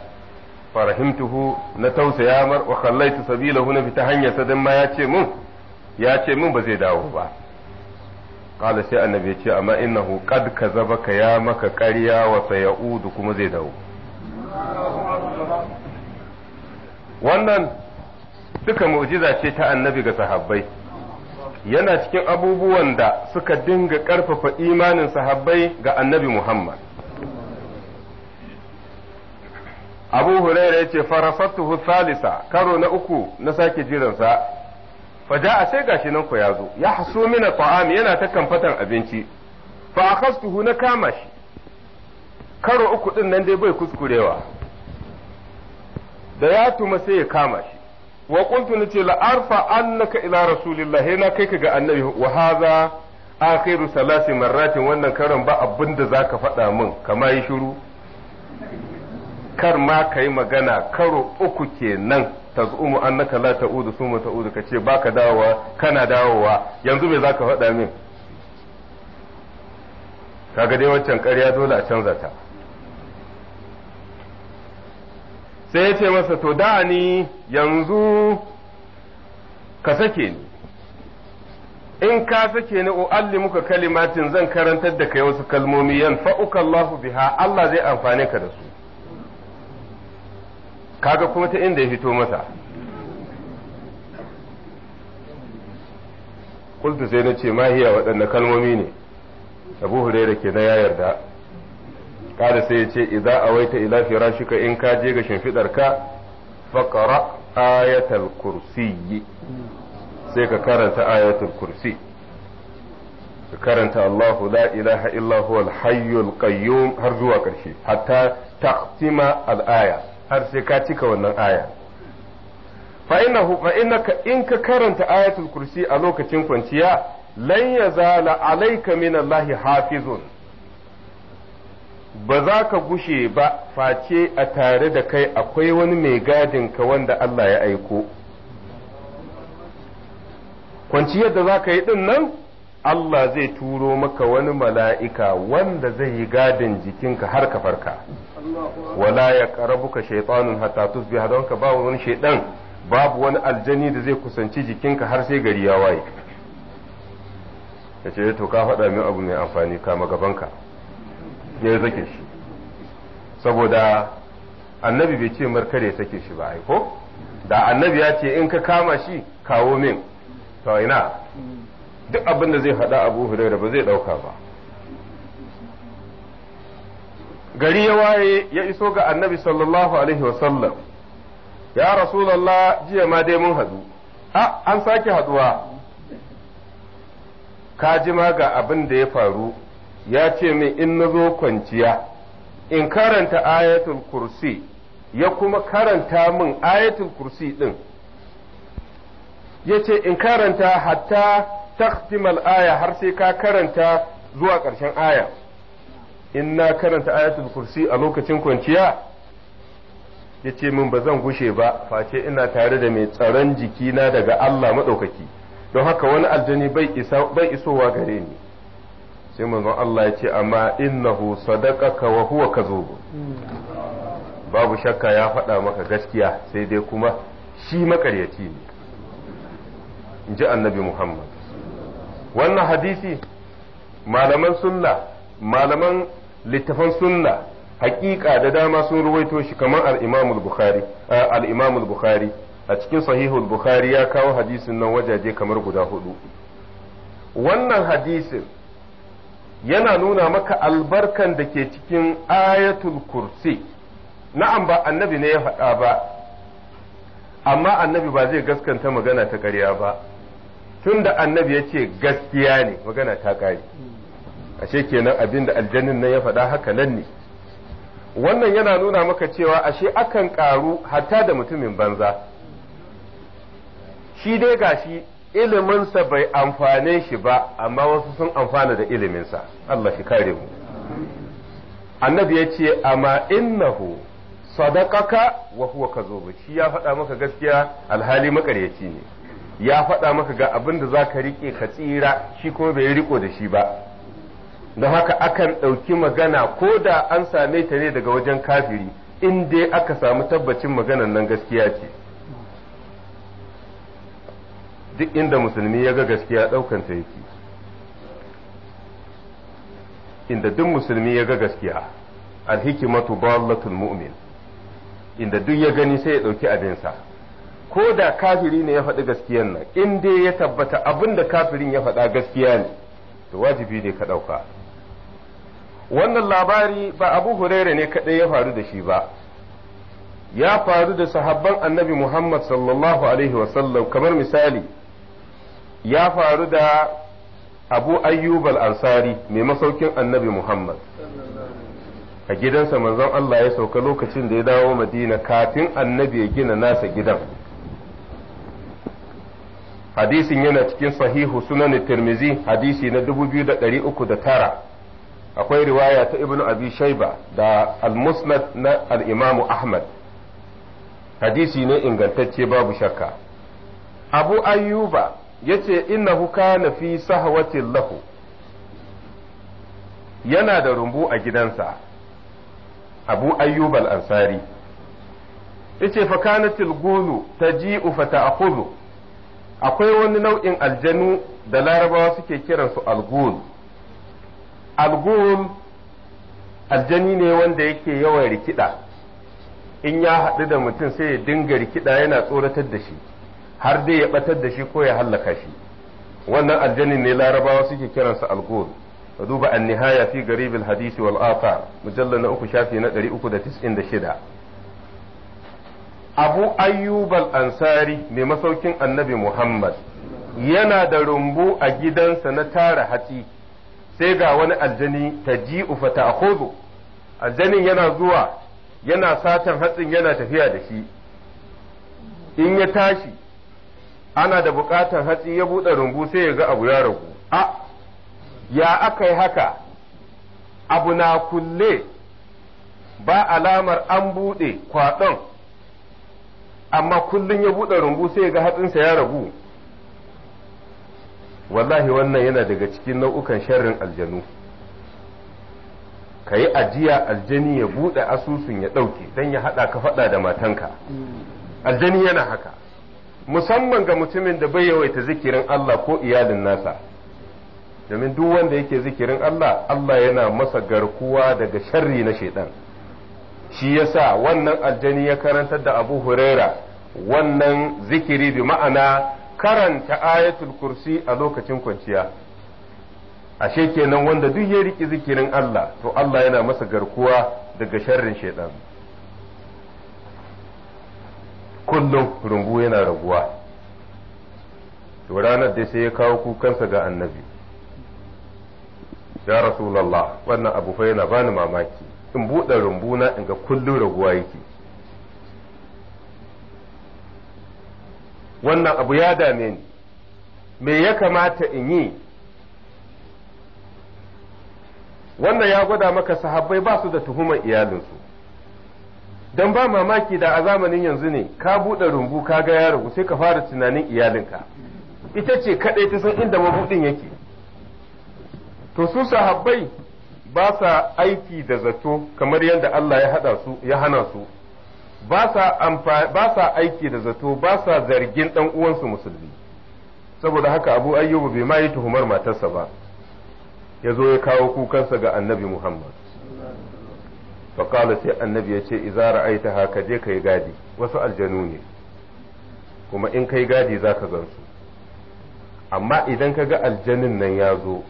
farahimtuhu na tausaya mar wa khallaitu sabilahu na fita hanyarsa dan ma ya ce mun ya mun ba zai dawo ba qala sai annabi ya ce amma innahu qad kazabaka ya maka ƙarya wa sayaudu kuma zai dawo wannan duka mu'jiza ce ta annabi ga sahabbai yana cikin abubuwan da suka dinga ƙarfafa imanin sahabbai ga annabi Muhammad. Abu Huraira ya ce, Farasattuhu Salisa, karo na uku na sake jiransa, faja a sai gashi nan ku ya zo, ya haso mina ta'am yana ta kamfatan abinci, fa a na kama shi, karo uku ɗin nan dai bai kuskurewa. da ya tuma sai ya kama shi wa qultu nace la arfa annaka ila rasulillah na kai ka ga annabi wa hadha akhiru salasi marratin wannan karan ba abin da zaka faɗa min kama yi shiru kar ma kai magana karo uku kenan tazumu annaka la ta'udu suma ta'udu kace baka dawowa kana dawowa yanzu me zaka faɗa min kaga dai wancan ƙarya dole a canza ta sai ya ce masa to da ni yanzu ka sake ni in ka sake ni u'allimuka kalimatin zan karantar da kai wasu kalmomi yan fa'uka Allahu biha Allah zai amfane ka da su kaga kuma ta inda ya fito masa kultu sai na ce ma hiya waɗanne kalmomi ne abu huraira ke na ya yarda kada sai yace ce idza awaita ila firashika in ka je ga shimfidarka faqra ayatal kursi sai ka karanta ayatul kursi ka karanta Allahu la ilaha illa huwal hayyul qayyum har zuwa ƙarshe hatta taqtima al har sai ka cika wannan aya fa innahu fa innaka in ka karanta ayatul kursi a lokacin kwanciya lan yazala alayka hafizun ba za ka gushe ba face a tare da kai akwai wani mai gadin ka wanda Allah ya aiko kwanciyar da za ka yi din nan Allah zai turo maka wani mala'ika wanda zai yi gadin jikinka har ka farka wala ya karabuka shaitanun hatatus, bi don ka babu wani shaidan babu wani aljani da zai kusanci jikinka har sai gari ya waye ya ce eh, to ka faɗa min abu mai amfani kama gabanka ya sake shi saboda annabi bai ce mar kare sake shi ba ai ko da annabi ya ce in ka kama shi kawo min to ina duk abin da zai hada abu hurairu ba zai dauka ba gari ya waye ya iso ga annabi sallallahu alaihi wasallam ya rasulullah jiya ma dai mun hadu a an sake haduwa ka ji ma ga abin da ya faru ya ce min in na zo kwanciya in karanta ayatul kursi ya kuma karanta min ayatul kursi ɗin ya ce in karanta hatta takhtimal aya har sai ka karanta zuwa karshen aya in na karanta ayatul kursi a lokacin kwanciya ya ce min ba zan gushe ba face ina tare da mai tsaron jikina daga Allah maɗaukaki don haka wani aljani bai isowa gare ni. sai manzon Allah ya ce amma innahu sadaqaka wa huwa zo. babu shakka ya faɗa maka gaskiya sai dai kuma shi makaryaci ne in ji annabi Muhammad wannan hadisi malaman sunna malaman littafan sunna hakika da dama sun ruwaito shi kamar al imamul bukhari eh, al bukhari a cikin sahihul bukhari ya kawo hadisin nan wajaje kamar guda hudu wannan hadisin yana nuna maka albarkan da ke cikin ayatul kursi na'am ba annabi ne ya faɗa ba amma annabi ba zai gaskanta magana ta ƙarya ba tunda annabi ya ce gaskiya ne magana ta ƙare ashe kenan abin da aljannin nan ya faɗa haka nan ne wannan yana nuna maka cewa ashe akan ƙaru hatta da mutumin banza shi dai gashi iliminsa bai amfane shi ba amma wasu sun amfana da iliminsa Allah shi kare mu annabi ya ce amma innahu sadaqaka wa huwa kazubu shi ya faɗa maka gaskiya alhali makaryaci ne ya faɗa maka ga abin da zaka rike ka tsira shi kuma bai riko da shi ba Da haka akan ɗauki magana ko da an same ta ne daga wajen kafiri in dai aka samu tabbacin maganar nan gaskiya ce duk inda musulmi ya ga gaskiya ɗaukan ta yake inda duk musulmi ya ga gaskiya alhikimatu dallatul mu'min inda duk ya gani sai ya ɗauki abinsa ko da kafiri ne ya faɗi gaskiyan nan in dai ya tabbata abin da kafirin ya faɗa gaskiya ne to wajibi ne ka ɗauka wannan labari ba abu huraira ne kaɗai ya faru da shi ba ya faru da sahabban annabi muhammad sallallahu alaihi wasallam kamar misali ya faru da abu ayyub al-ansari mai masaukin annabi muhammad a gidansa manzon Allah ya sauka lokacin da ya dawo madina kafin annabi ya gina nasa gidan hadisin yana cikin sahihu sunan tirmizi hadisi na 2309 akwai riwaya ta Ibn abi shaiba da al-musnad na al-imamu ahmad hadisi ne ingantacce babu shakka abu ayyuba yace innahu kana fi sahwatin lahu yana da rumbu a gidansa abu ayyub al-ansari yace fa kanatil gulu taji'u fa ta'khudhu akwai wani nau'in aljanu da larabawa suke kiransu algul algul aljani ne wanda yake yawan rikida in ya haɗu da mutum sai ya dinga rikida yana tsoratar da shi har dai ya batar da shi ko ya hallaka shi wannan aljanin ne larabawa suke kiransa algol ka duba an nihaya fi garibil hadisi wal athar mujalla na uku shafi na 396 abu ayyub al ansari mai masaukin annabi muhammad yana da rumbu a gidansa na tara hatsi sai ga wani aljani ta ji a ta aljanin yana zuwa yana satan hatsin yana tafiya da shi in ya tashi ana da buƙatar hatsi ya buɗe rumbu sai ya ga abu ya ragu a ya aka yi haka abu na kulle ba alamar an buɗe kwaɗon amma kullum ya buɗe rumbu sai ya ga hatsinsa ya ragu wallahi wannan yana daga cikin nau'ukan sharrin aljanu ka yi ajiya aljani ya buɗe asusun ya ɗauke don ya haɗa ka faɗa da matanka mm. aljani yana haka musamman ga mutumin da bai yawaita zikirin Allah ko iyalin nasa domin duk wanda yake zikirin Allah Allah yana masa garkuwa daga sharri na shaidan shi yasa wannan aljani ya karantar da Abu Huraira wannan zikiri bi ma'ana karanta ayatul kursi a lokacin kwanciya ashe kenan wanda duk ya riki zikirin Allah to Allah yana masa garkuwa daga sharrin shaidan kullum rumbu yana raguwa to ranar da sai ya kawo kukansa ga annabi ya rasulallah wannan abu fa yana bani mamaki in buɗe rumbuna in ga kullum raguwa yake wannan abu ya dame ni me ya kamata in yi wannan ya gwada maka sahabbai ba su da tuhumar iyalinsu don ba mamaki da a zamanin yanzu ne ka buɗe rumbu ka ga ya ragu sai ka fara tunanin iyalinka ita ce kaɗai ta san inda mabuɗin yake to su sahabbai ba sa aiki da zato kamar yadda Allah ya haɗa su ya hana su ba sa aiki da zato ba sa zargin ɗan uwansu musulmi saboda haka abu ayyubu bai ma tuhumar matarsa ba ya zo ya kawo kukansa ga annabi muhammad Bakalu sai annabi ya ce iza ra'aita haka je ka yi gadi wasu aljanu ne kuma in ka yi gadi za ka gansu amma idan ka ga aljanin nan ya zo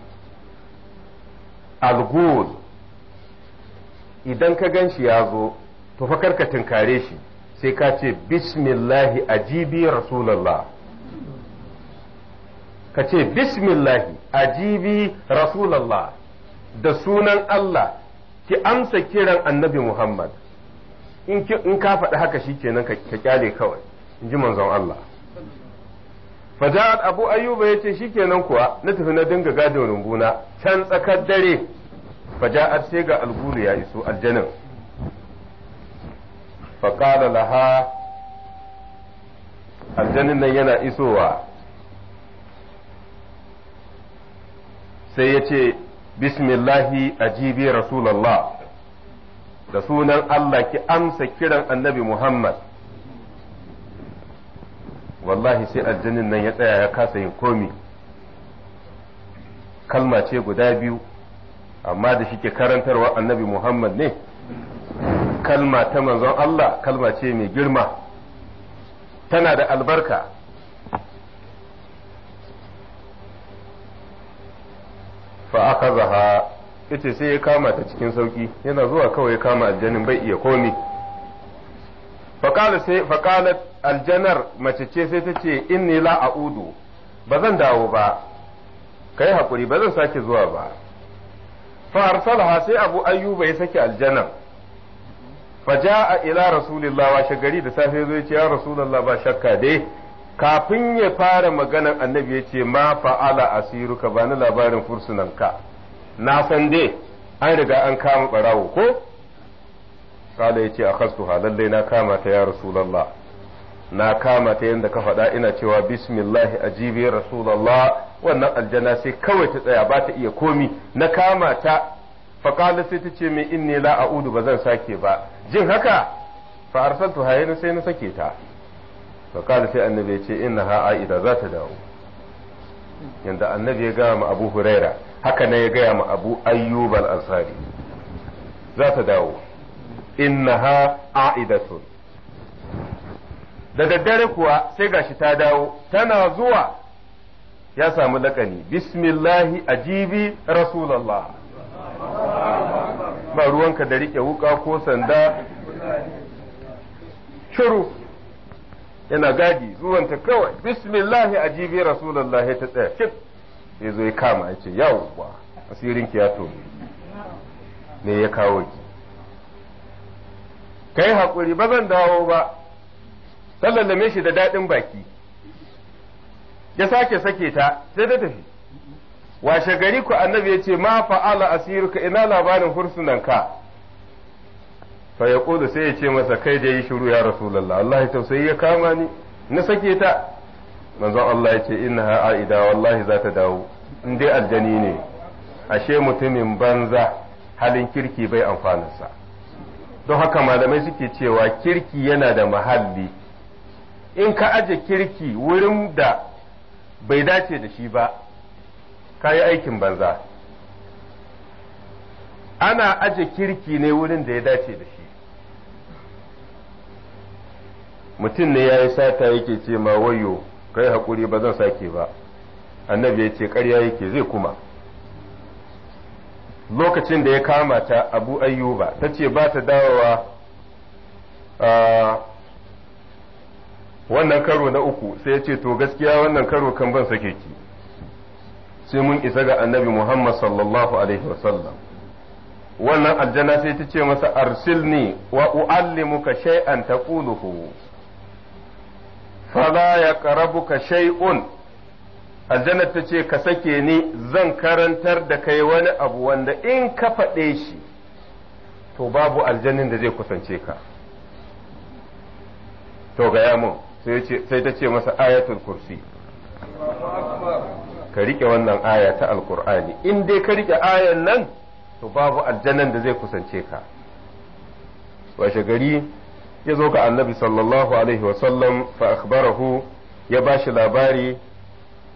algul idan ka gan shi ya zo to fa karka tinkare shi sai ka ce bismillahi ajibi rasulallah ka ce bismillahi ajibi rasulallah da sunan Allah ki amsa kiran annabi Muhammad in ka faɗi haka shi kenan ka kyale kawai in ji manzon Allah Faja'ar abu ayuba ya ce shikenan kuwa na tafi na dinga gadon rumbuna can tsakar dare Faja'ar sai ga alguru ya iso aljanin faƙala laha aljanin nan yana isowa sai ya ce bismillahi a jibi rasulallah da sunan Allah ki amsa kiran annabi Muhammad wallahi sai aljanin nan ya tsaya ya kasa yin komi kalma ce guda biyu amma da shi shike karantarwa annabi Muhammad ne kalma ta manzon Allah kalma ce mai girma tana da albarka fa zaha yace sai ya kama ta cikin sauki yana zuwa kawai ya kama aljanin bai iya komi faqala sai aljanar mace ce sai ta ce inni la a'udu ba zan dawo ba kai hakuri ba zan sake zuwa ba fa sai abu ayyuba ya saki aljanar a ila rasulillah wa gari da safe zo ya ce ya rasulullah ba shakka dai kafin ya fara maganar annabi ya ce ma fa'ala ka ba ni labarin fursunanka na san dai an riga an kama barawo ko kala ya ce a kasu lallai na kama ta ya rasulallah na kama ta yadda ka faɗa ina cewa bismillahi ajibi rasulallah wannan aljana sai kawai ta tsaya ba ta iya komi na kama ta faƙala sai ta ce mai inni ne la'a'udu ba zan sake ba jin haka fa arsaltu sai na sake ta fakada sai annabi ya ce inna ha aida za ta dawo yanda annabi ya gaya ma abu huraira haka na ya gaya ma abu al-ansari za ta dawo inna ha a'idatun da daddare kuwa sai gashi ta dawo tana zuwa ya samu laƙani, bismillahi a jibi, rasulallah ba ruwanka da riƙe wuka ko sanda shiru yana gadi zuwanta kawai bismillahi ajibi rasulullahi ta tsaya cik ya zo ya kama ya ce yawwa asirin ki ya to ne ya kawo ki kai hakuri ba zan dawo ba sallallame shi da daɗin baki ya sake sake ta sai ta tafi washe gari ku annabi ya ce ma fa'ala asiruka ina labarin ka? fa ya sai ya ce masa kai da yi shiru ya rasulullah Allah sai ya kama ni na sake ta manzon Allah ya ce innaha aida wallahi za ta dawo in dai aljani ne ashe mutumin banza halin kirki bai amfaninsa don haka malamai suke cewa kirki yana da mahalli in ka aje kirki wurin da bai dace da shi ba ka yi aikin banza ana aje kirki ne wurin da ya dace da shi mutum ne ya yi sata yake ce ma wayo kai hakuri ba zan sake ba annabi ya ce ƙarya yake zai kuma lokacin da ya kama ta abu ayyuba ta ce ba ta dawowa wannan karo na uku sai ya ce to gaskiya wannan karo kan ban sake ki sai mun isa ga annabi muhammad sallallahu alaihi wasallam wannan aljana sai ta ce masa arsilni wa u'allimuka shay'an taquluhu fala ya karabuka shay'un aljanna ta ce ka sake ni zan karantar da kai wani abu wanda in ka faɗe shi to babu aljannin da zai kusance ka to gaya mun sai ta ce masa ayatul kursi ka rike wannan aya ta alkur'ani in dai ka rike ayan nan to babu aljannan da zai kusance ka washe gari ya zo ga annabi sallallahu alaihi sallam fa akhbarahu ya ba shi labari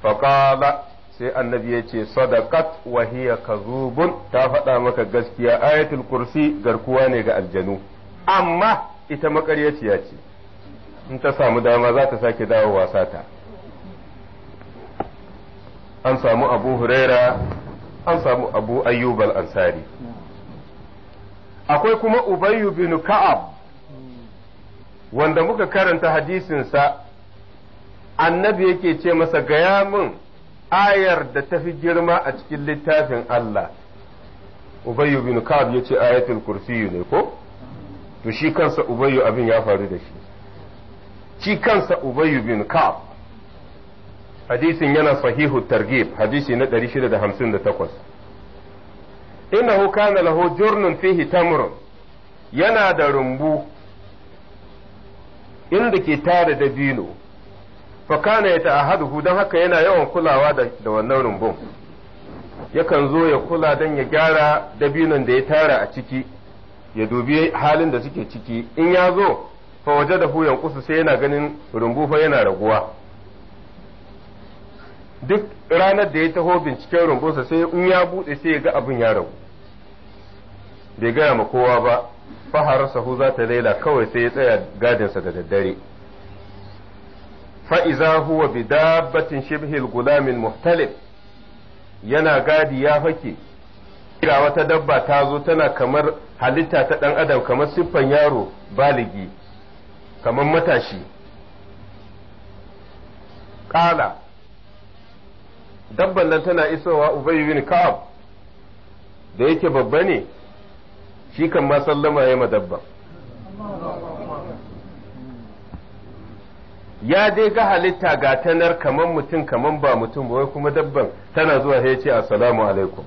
faƙala sai annabi ya ce sadakat wa hiya kazubun ta faɗa maka gaskiya ayatul kursi garkuwa ne ga aljanu amma ita makaryaciya ce in ta samu dama za ta sake dawo wasa ta an samu abu huraira an samu abu Ayyubal ansari akwai kuma ubayyu bin ka'ab wanda muka karanta hadisinsa annabi yake ce masa gaya min ayar da ta fi girma a cikin littafin Allah Ubayyu bin Ka'ab ya ce ayatul kursiyu ne ko to shi kansa Ubayyu abin ya faru da shi shi kansa Ubayyu bin Ka'ab hadisin yana sahihu targhib hadisi na 658 innahu kana lahu jurnun fihi tamr yana da rumbu inda ke tara dabino fa kana ya ta'ahadu don haka yana yawan kulawa da wannan rumbun yakan zo ya kula dan ya gyara dabinon da ya tara a ciki ya dubi halin da suke ciki in ya zo fa waje da huyan kusa sai yana ganin rumbu fa yana raguwa duk ranar da ya taho binciken rumbunsa sai in ya buɗe sai ya ga abin ya ragu bai gaya ma kowa ba fahara sahu za ta laila kawai sai ya tsaya gadinsa da daddare fa'iza huwa bi dabbatin shibhil gulamin muhtalif yana gadi ya fake kira wata dabba ta zo tana kamar halitta ta ɗan adam kamar siffan yaro baligi kamar matashi ƙala dabban nan tana isowa ubayi bin ka'ab da yake babba ne shi kan ma sallama ya madabba ya dai ga halitta ga tanar kamar mutum kamar ba mutum ba wai kuma dabban tana zuwa sai ce assalamu alaikum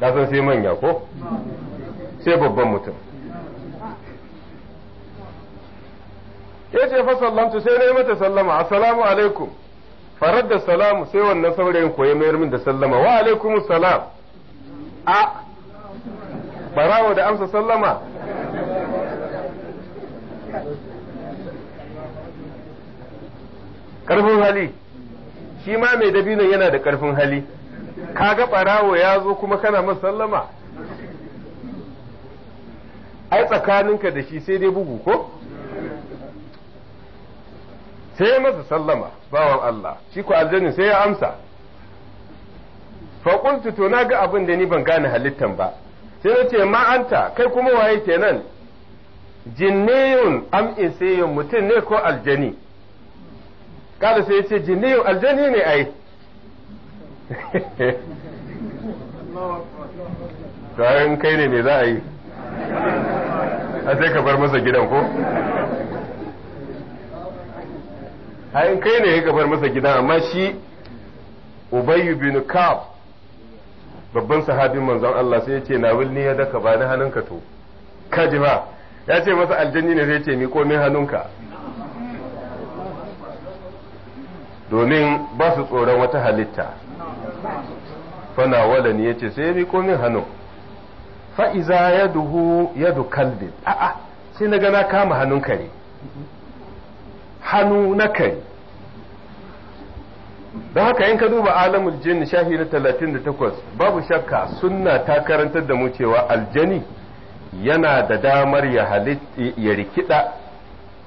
kasan sai manya ko sai babban mutum ya ce fa sallamtu sai na yi mata sallama assalamu alaikum farar da salamu sai wannan saurayin koya mayar min da sallama wa alaikum salam a barawo da amsa sallama ƙarfin hali shi ma mai dabino yana da ƙarfin hali kaga barawo ya zo kuma kana masa sallama ai tsakaninka da shi sai dai bugu ko sai masa sallama bawan Allah shi ko aljannin sai ya amsa qultu to na ga abin da ni ban gane halittan ba sai ya ce ma'anta kai kuma waye kenan jinniyun am insiyun mutum ne ko aljani kada sai ya ce jinniyun aljani ne ai to in kai ne me za a yi a sai ka bar masa gidan ko a in kai ne ya bar masa gidan amma shi ubayu bin kaf. babban sahabin manzon Allah sai ya ce na wilni ya daka ba ni hannunka to ka ji ba ya ce masa aljanni ne sai ce ko min hannunka domin ba su tsoron wata halitta fana wala ne ya ce sai mi ko min fa fa'iza ya yadu kalbin a'a sai na gana kama hannunka ne. hannu na kai. don haka in ka duba alamul jinni shahi na talatin da takwas babu shakka sunna ta karantar da mu cewa aljani yana da damar ya ya rikida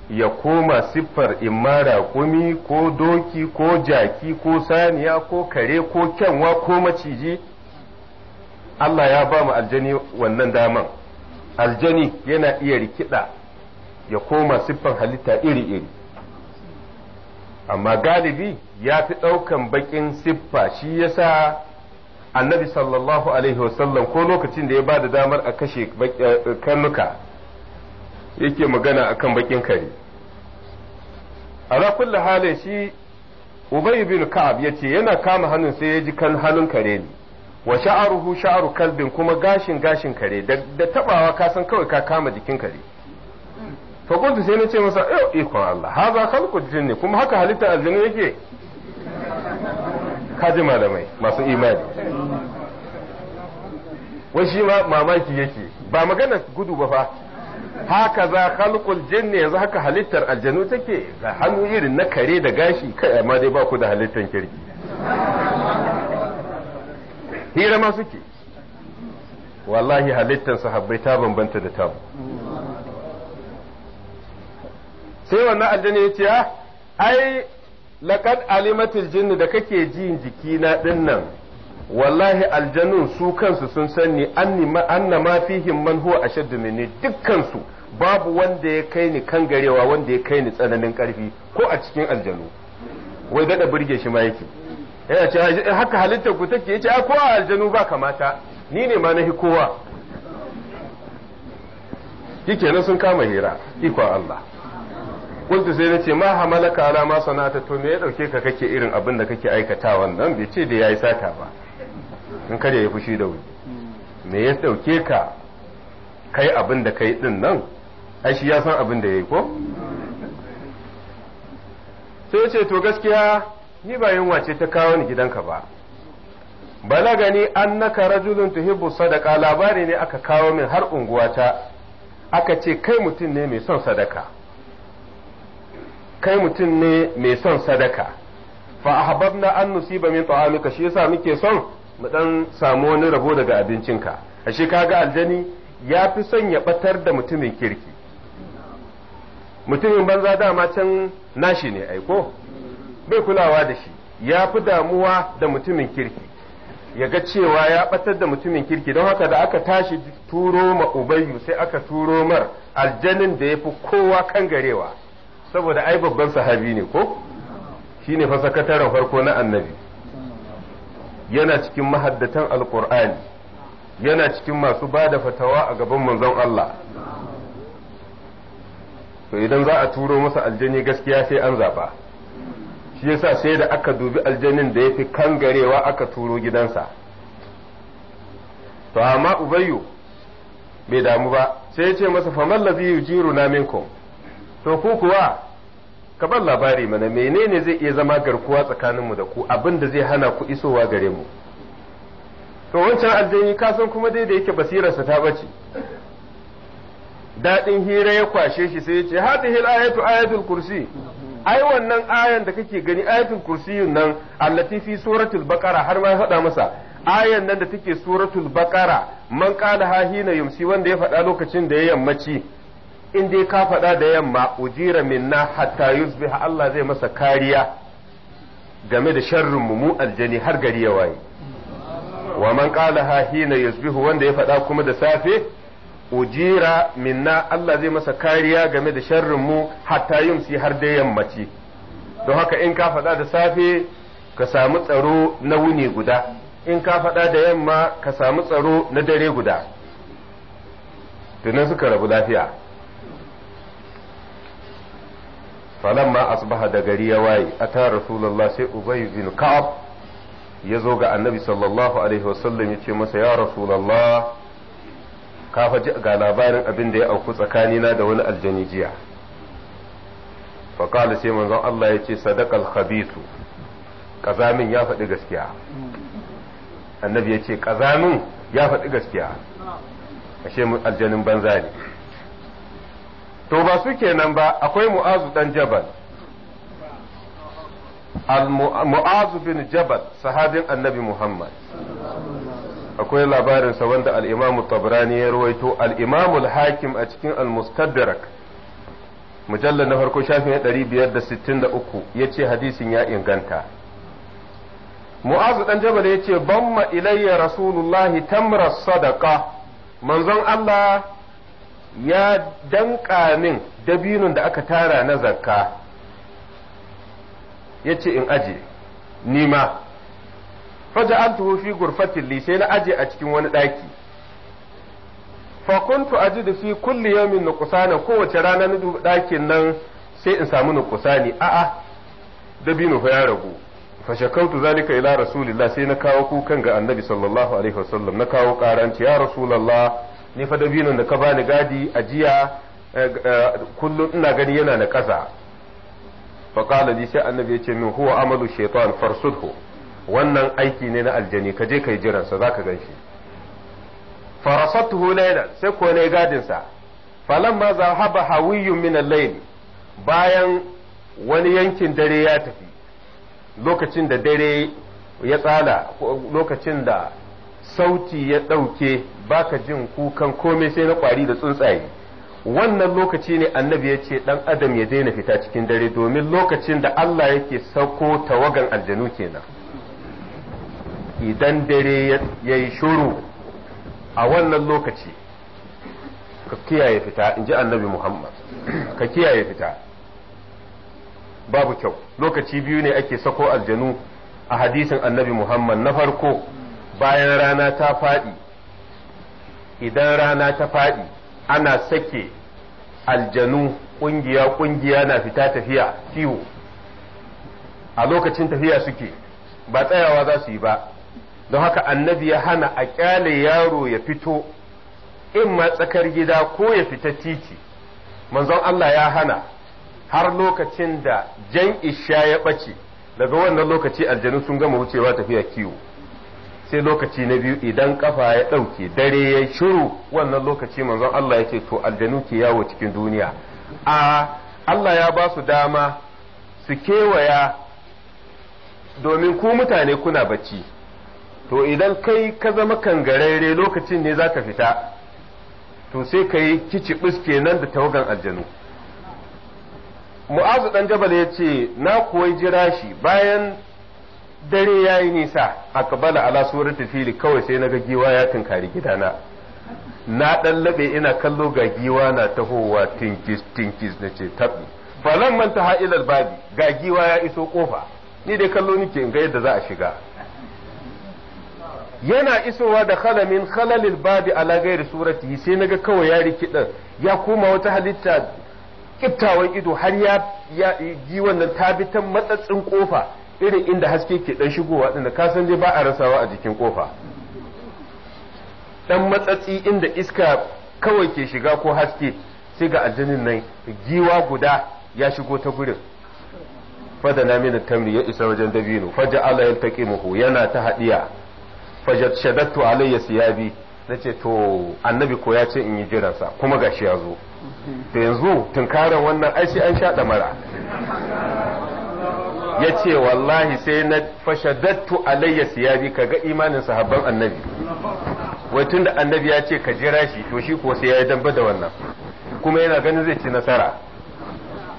ya koma siffar imara kumi ko doki ko jaki ko saniya ko kare ko kyanwa ko maciji Allah ya ba mu aljani wannan daman aljani yana iya rikida ya koma siffar halitta iri-iri amma galibi ya fi ɗaukan baƙin siffa shi yasa annabi sallallahu alaihi wasallam ko lokacin da ya ba da damar a kashe eh, eh, karnuka yake magana a kan baƙin kare ala kulli hali shi ubay bin ka'ab ce yana kama hannun sai ya ji kan hannun kare ne wa sha'aruhu sha'aru kalbin kuma gashin gashin kare da tabawa ka san kawai ka kama jikin kare fa kuntu sai na ce masa eh ikon Allah haza khalqul jinni kuma haka halitta aljinu yake kaji malamai masu imani wai shi ma mamaki yake ba maganar gudu ba fa haka za khalqul jinni yanzu haka halittar aljanu take ga hannu irin na kare da gashi kai amma dai ba da halittar kirki hira ma suke wallahi halittar sahabbai ta bambanta da tamu sai wannan aljani ya ce ah, ai laqad alimatul jinni da kake jin jiki na dinnan wallahi aljanun su kansu sun sani anna ma fihim man huwa ashaddu minni dukkan babu wanda ya kai ni kan garewa wanda ya kai ni tsananin karfi ko a cikin aljanu wai dada burge shi ma yake yana ce haka halittar ku take yace ah, ko a aljanu ba kamata ni ne ma na kowa shikenan sun kama hira ikon Allah qultu sai nace ma hamalaka ala ma sana'ata to me ya dauke ka kake irin abin da kake aikata wannan bai ce da yayi sata ba in kada ya fushi da wuri me ya dauke ka kai abin da kai din nan ai shi ya san abin da yayi ko sai ce to gaskiya ni ba yin wace ta kawo ni gidanka ba balagani annaka rajulun tuhibbu sadaka labari ne aka kawo min har unguwata aka ce kai mutum ne mai son sadaka kai mutum ne mai son sadaka fa na an nusiba min ta'amika shi yasa muke son mu dan samu wani rabo daga abincinka ashe kaga aljani ya fi son ya batar da mutumin kirki mutumin banza dama can nashi ne aiko bai kulawa da shi ya fi damuwa da mutumin kirki ya ga cewa ya batar da mutumin kirki don haka da aka tashi turo ma sai aka turo mar aljanin da ya fi kowa kangarewa saboda ai babban sahabi ne ko shine fa sakataren farko na annabi yana cikin mahaddatan alqur'ani yana cikin masu ba da fatawa a gaban manzon Allah to idan za a turo masa aljani gaskiya sai an zaba shi yasa sai da aka dubi aljanin da yafi kangarewa aka turo gidansa to amma ubayyu bai damu ba sai ya ce masa famallazi lazi yujiru na minkum to ku kuwa ka bar labari mana menene zai iya zama garkuwa tsakaninmu da ku abin da zai hana ku isowa gare mu to wancan aljani ka san kuma dai da yake basirarsa ta bace daɗin hira ya kwashe shi sai ya ce hadhihi ayatu ayatul kursi ai wannan ayan da kake gani ayatul kursi nan allati fi suratul baqara har ma ya faɗa masa ayan nan da take suratul baqara man qala ha hina yumsi wanda ya faɗa lokacin da ya yammaci in dai ka faɗa da yamma ujira minna hatta yusbiha Allah zai masa kariya game da sharrin mu aljani har gari ya waye wa man ha hina yusbihu wanda ya faɗa kuma da safe ujira minna Allah zai masa kariya game da sharrin mu hatta yumsi har da yammaci don haka in ka faɗa da safe ka samu tsaro na wuni guda in ka faɗa da yamma ka samu tsaro na dare guda tunan suka rabu lafiya ma asbaha da gari ya waye ata rasulullah sai ubai bin ka'ab ya zo ga annabi sallallahu alaihi wasallam ya ce masa ya rasulullah ka faji ga labarin abin da ya auku tsakanina da wani aljani jiya faƙala sai manzon Allah ya ce sadaqal khabitu kazamin ya faɗi gaskiya annabi ya ce kazamin ya faɗi gaskiya ashe aljanin banza ne to ba su kenan ba akwai mu'azu dan jabal mu'azu bin jabal sahabin annabi muhammad akwai labarinsa wanda al'imamu tabrani ya ruwaito al'imamu hakim a cikin al-mustadrak mujallar na farko shafin 563 ya ce hadisin ya inganta mu'azu dan jabal ya ce ban ma ilayya rasulullahi tamra sadaka manzon allah ya danƙa min dabinun da aka tara na zakka ya ce in aje nima faja an fi gurfatin li sai na aje a cikin wani ɗaki fakuntu a ji da fi kulli yamin nukusana kowace rana na ɗakin nan sai in samu nukusani a'a dabinu fa ya ragu fa shakautu zalika ila rasulillah sai na kawo kukan ga annabi sallallahu alaihi wasallam na kawo ƙaranci ya rasulullah ni fa dabinon da ka bani gadi a jiya eh, eh, kullum ina gani yana na ƙasa faƙala ji sai annabi ya ce min huwa amalu shaitan farsudhu wannan aiki ne na aljani ka je kai jiransa za ka ganshi. shi farasattuhu laylan sai ko ne gadinsa falamma zahaba hawiyyun min al-layl bayan wani yankin dare ya tafi lokacin da dare ya tsala lokacin da sauti ya ɗauke baka jin kukan komai sai na kwari da tsuntsaye wannan lokaci ne annabi ya ce ɗan adam ya daina fita cikin dare domin lokacin da Allah yake sauko tawagan aljanu kenan idan dare ya yi shuru a wannan lokaci ka kiyaye fita in ji annabi Muhammad ka kiyaye fita babu kyau lokaci biyu ne ake sako aljanu a hadisin annabi Muhammad na farko bayan rana ta faɗi idan rana ta faɗi ana sake aljanu ƙungiya ƙungiya na fita tafiya kiwo a lokacin tafiya suke ba tsayawa za su yi ba don haka annabi ya hana a ƙyale yaro ya fito in ma tsakar gida ko ya fita titi manzon Allah ya hana har lokacin da jan isha ya ɓace daga wannan lokaci aljanu sun gama wucewa tafiya kiwo sai lokaci na biyu idan kafa ya ɗauke dare ya shiru wannan lokaci manzon Allah ya ce to aljanu ke yawo cikin duniya a Allah ya ba su dama su kewaya domin ku mutane kuna bacci to idan kai ka zama kan kangararre lokacin ne za ka fita to sai ka yi buske nan da tawagan aljanu mu'azu dan jabal ya ce na kuwa jira shi bayan dare ya yi nisa bala ala surar fili kawai sai na ga giwa ya tunkari gidana na dan labe ina kallo ga giwa na tahowa tinkis tinkis nace tabi falan man ta ha'ilar babi ga giwa ya iso kofa ni dai kallo nike in ga yadda za a shiga yana isowa da khalamin khalalil babi ala gairi surati sai naga kawai ya rikida ya koma wata halitta kiftawan ido har ya giwan nan tabitan matsatsin kofa irin inda haske ke dan shigowa din ka san dai ba a rasawa a jikin kofa dan matsatsi inda iska kawai ke shiga ko haske sai ga aljinin nan giwa guda ya shigo ta gurin da min tamri ya isa wajen dabino faja ala ya taqimuhu yana ta hadiya fajat shadattu alayya siyabi nace to annabi ko ya ce in yi jiransa kuma gashi ya zo to yanzu tunkaran wannan ai sai an sha mara ya ce wallahi sai na fashadattu alayya siyabi ka ga imanin sahabban annabi wai tun da annabi ya ce ka jira shi to shi kuwa sai ya yi damba da wannan kuma yana ganin zai ci nasara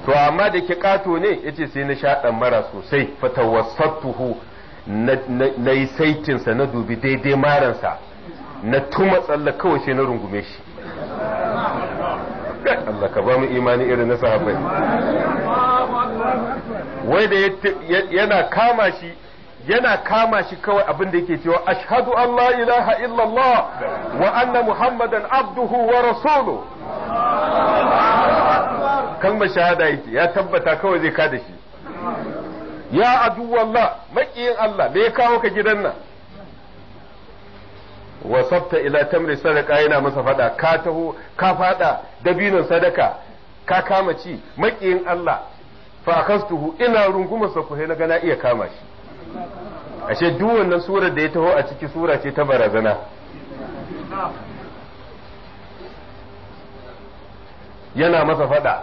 to amma da ke kato ne ya ce sai na sha mara sosai fatawassattuhu na yi saitinsa na dubi daidai maransa na tuma tsalla kawai sai na rungume shi Allah ka ba mu imani irin na sahabbai wai da yana kama shi yana kama shi kawai abin da yake cewa ashhadu an la ilaha illallah wa anna muhammadan abduhu wa rasulu kalmar shahada yake ya tabbata kawai zai kada shi ya aduwallah maƙiyin Allah me ya kawo ka gidan nan wa ta ila tamri sadaka yana masa fada ka taho ka fada dabinon sadaka ka kama ci makiyin Allah fa akastuhu ina runguma sa ku na gana iya kama shi ashe duk wannan surar da ya taho a ciki sura ce ta barazana yana masa fada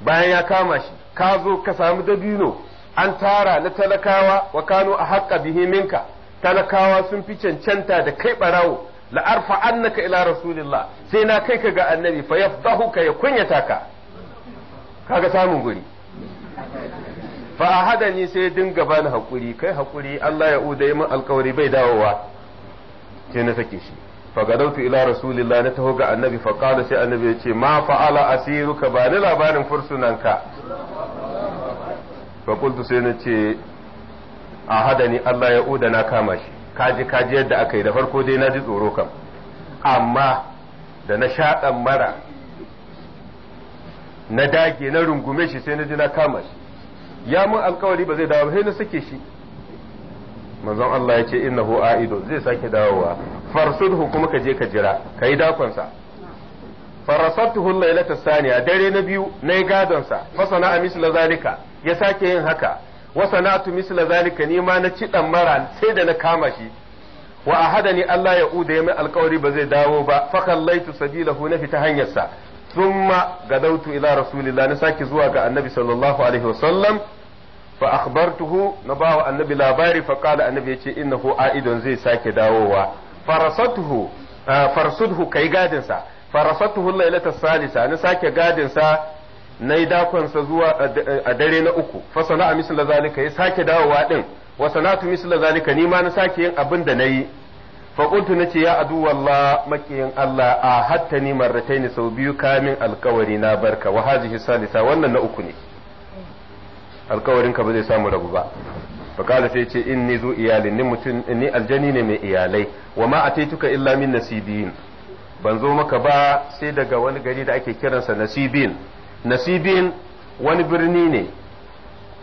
bayan ya kama shi ka zo ka samu dabino an tara na talakawa wa kano a haƙƙa bihi minka talakawa sun fi cancanta da kai barawo la arfa annaka ila rasulillah sai na kai ka ga annabi fa ka ya kunyata ka kaga samun guri fa ahadani sai dinga bani hakuri kai hakuri Allah ya uda min alkawari bai dawowa sai na sake shi fa gadautu ila rasulillah na taho ga annabi fa qala sai annabi ya ce ma fa'ala asiruka ba ni labarin fursunanka fa qultu sai na ce A ni Allah ya uda na kama shi kaji kaji yadda aka yi da farko dai na ji tsoro kam amma da na shaɗan mara na dage na rungume shi sai na ji na kama shi ya mun alkawari ba zai dawo sai na sake shi manzon Allah ya ce innahu aido zai sake dawowa farsudhu kuma ka je ka jira kai dakonsa farasatuhu lailata saniya dare na biyu na gadon sa fasana misla zalika ya sake yin haka wa sana'tu misla zalika ni na ci dan mara sai da na kama shi wa ahadani Allah ya uda ya mai alkawari ba zai dawo ba fa kallaitu sabilahu na fita hanyarsa thumma gadautu ila rasulillah na sake zuwa ga annabi sallallahu alaihi wasallam fa akhbartuhu na bawa annabi labari fa qala annabi yace innahu aidon zai sake dawowa farasatuhu eh, farsudhu kai gadin sa farasatuhu lailatul salisa na sake gadinsa. na yi dakonsa zuwa a dare na uku na a misla zalika ya sake dawowa din wa sana'atu misla zalika ni ma na sake yin abin da na yi. fa na ce ya adu wallah makiyin Allah a hattani marrataini sau biyu kamin alkawari na barka wa salisa wannan na uku ne alkawarin ka ba zai samu rabu ba fakala sai ce in ni zu iyalin ni mutum ni aljani ne mai iyalai wa ma ataituka illa min nasibin ban zo maka ba sai daga wani gari da ake kiransa nasibin nasibin wani birni ne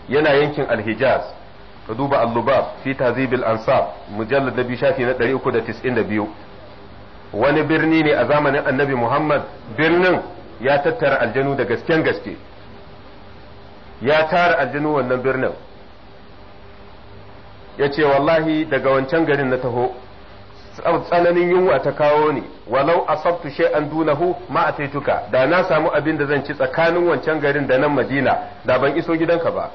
yana yankin alhijaz ka duba al-lubab fi tazibil ansab mujallad na biyu shafi na 392 wani birni ne a zamanin annabi muhammad birnin ya tattara aljanu da gasken gaske ya tara aljanu wannan birnin ya ce wallahi daga wancan garin na taho tsananin yunwa ta kawo ni walau a asabtu shay'an dunahu ma taituka da na samu abin da zan ci tsakanin wancan garin da nan Madina da ban iso gidanka ba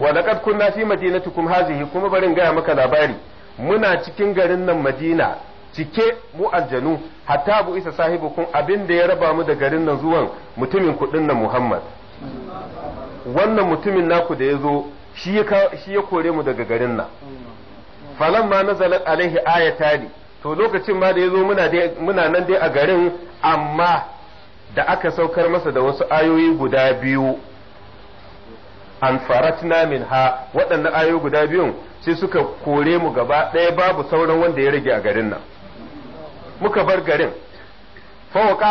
wa laqad kunna fi madinatikum hazihi kuma barin gaya maka labari muna cikin garin nan Madina cike mu aljanu hatta bu isa sahibukum abin da ya raba mu da garin nan zuwan mutumin kudin nan Muhammad wannan mutumin naku da ya zo shi ya kore mu daga garin nan falamma nazalat alaihi ayatani to lokacin ma da ya zo muna nan dai a garin amma da aka saukar masa da wasu ayoyi guda biyu an faratna min ha waɗannan ayoyi guda biyun sai suka kore mu gaba ɗaya babu sauran wanda ya rage a garin nan muka bar garin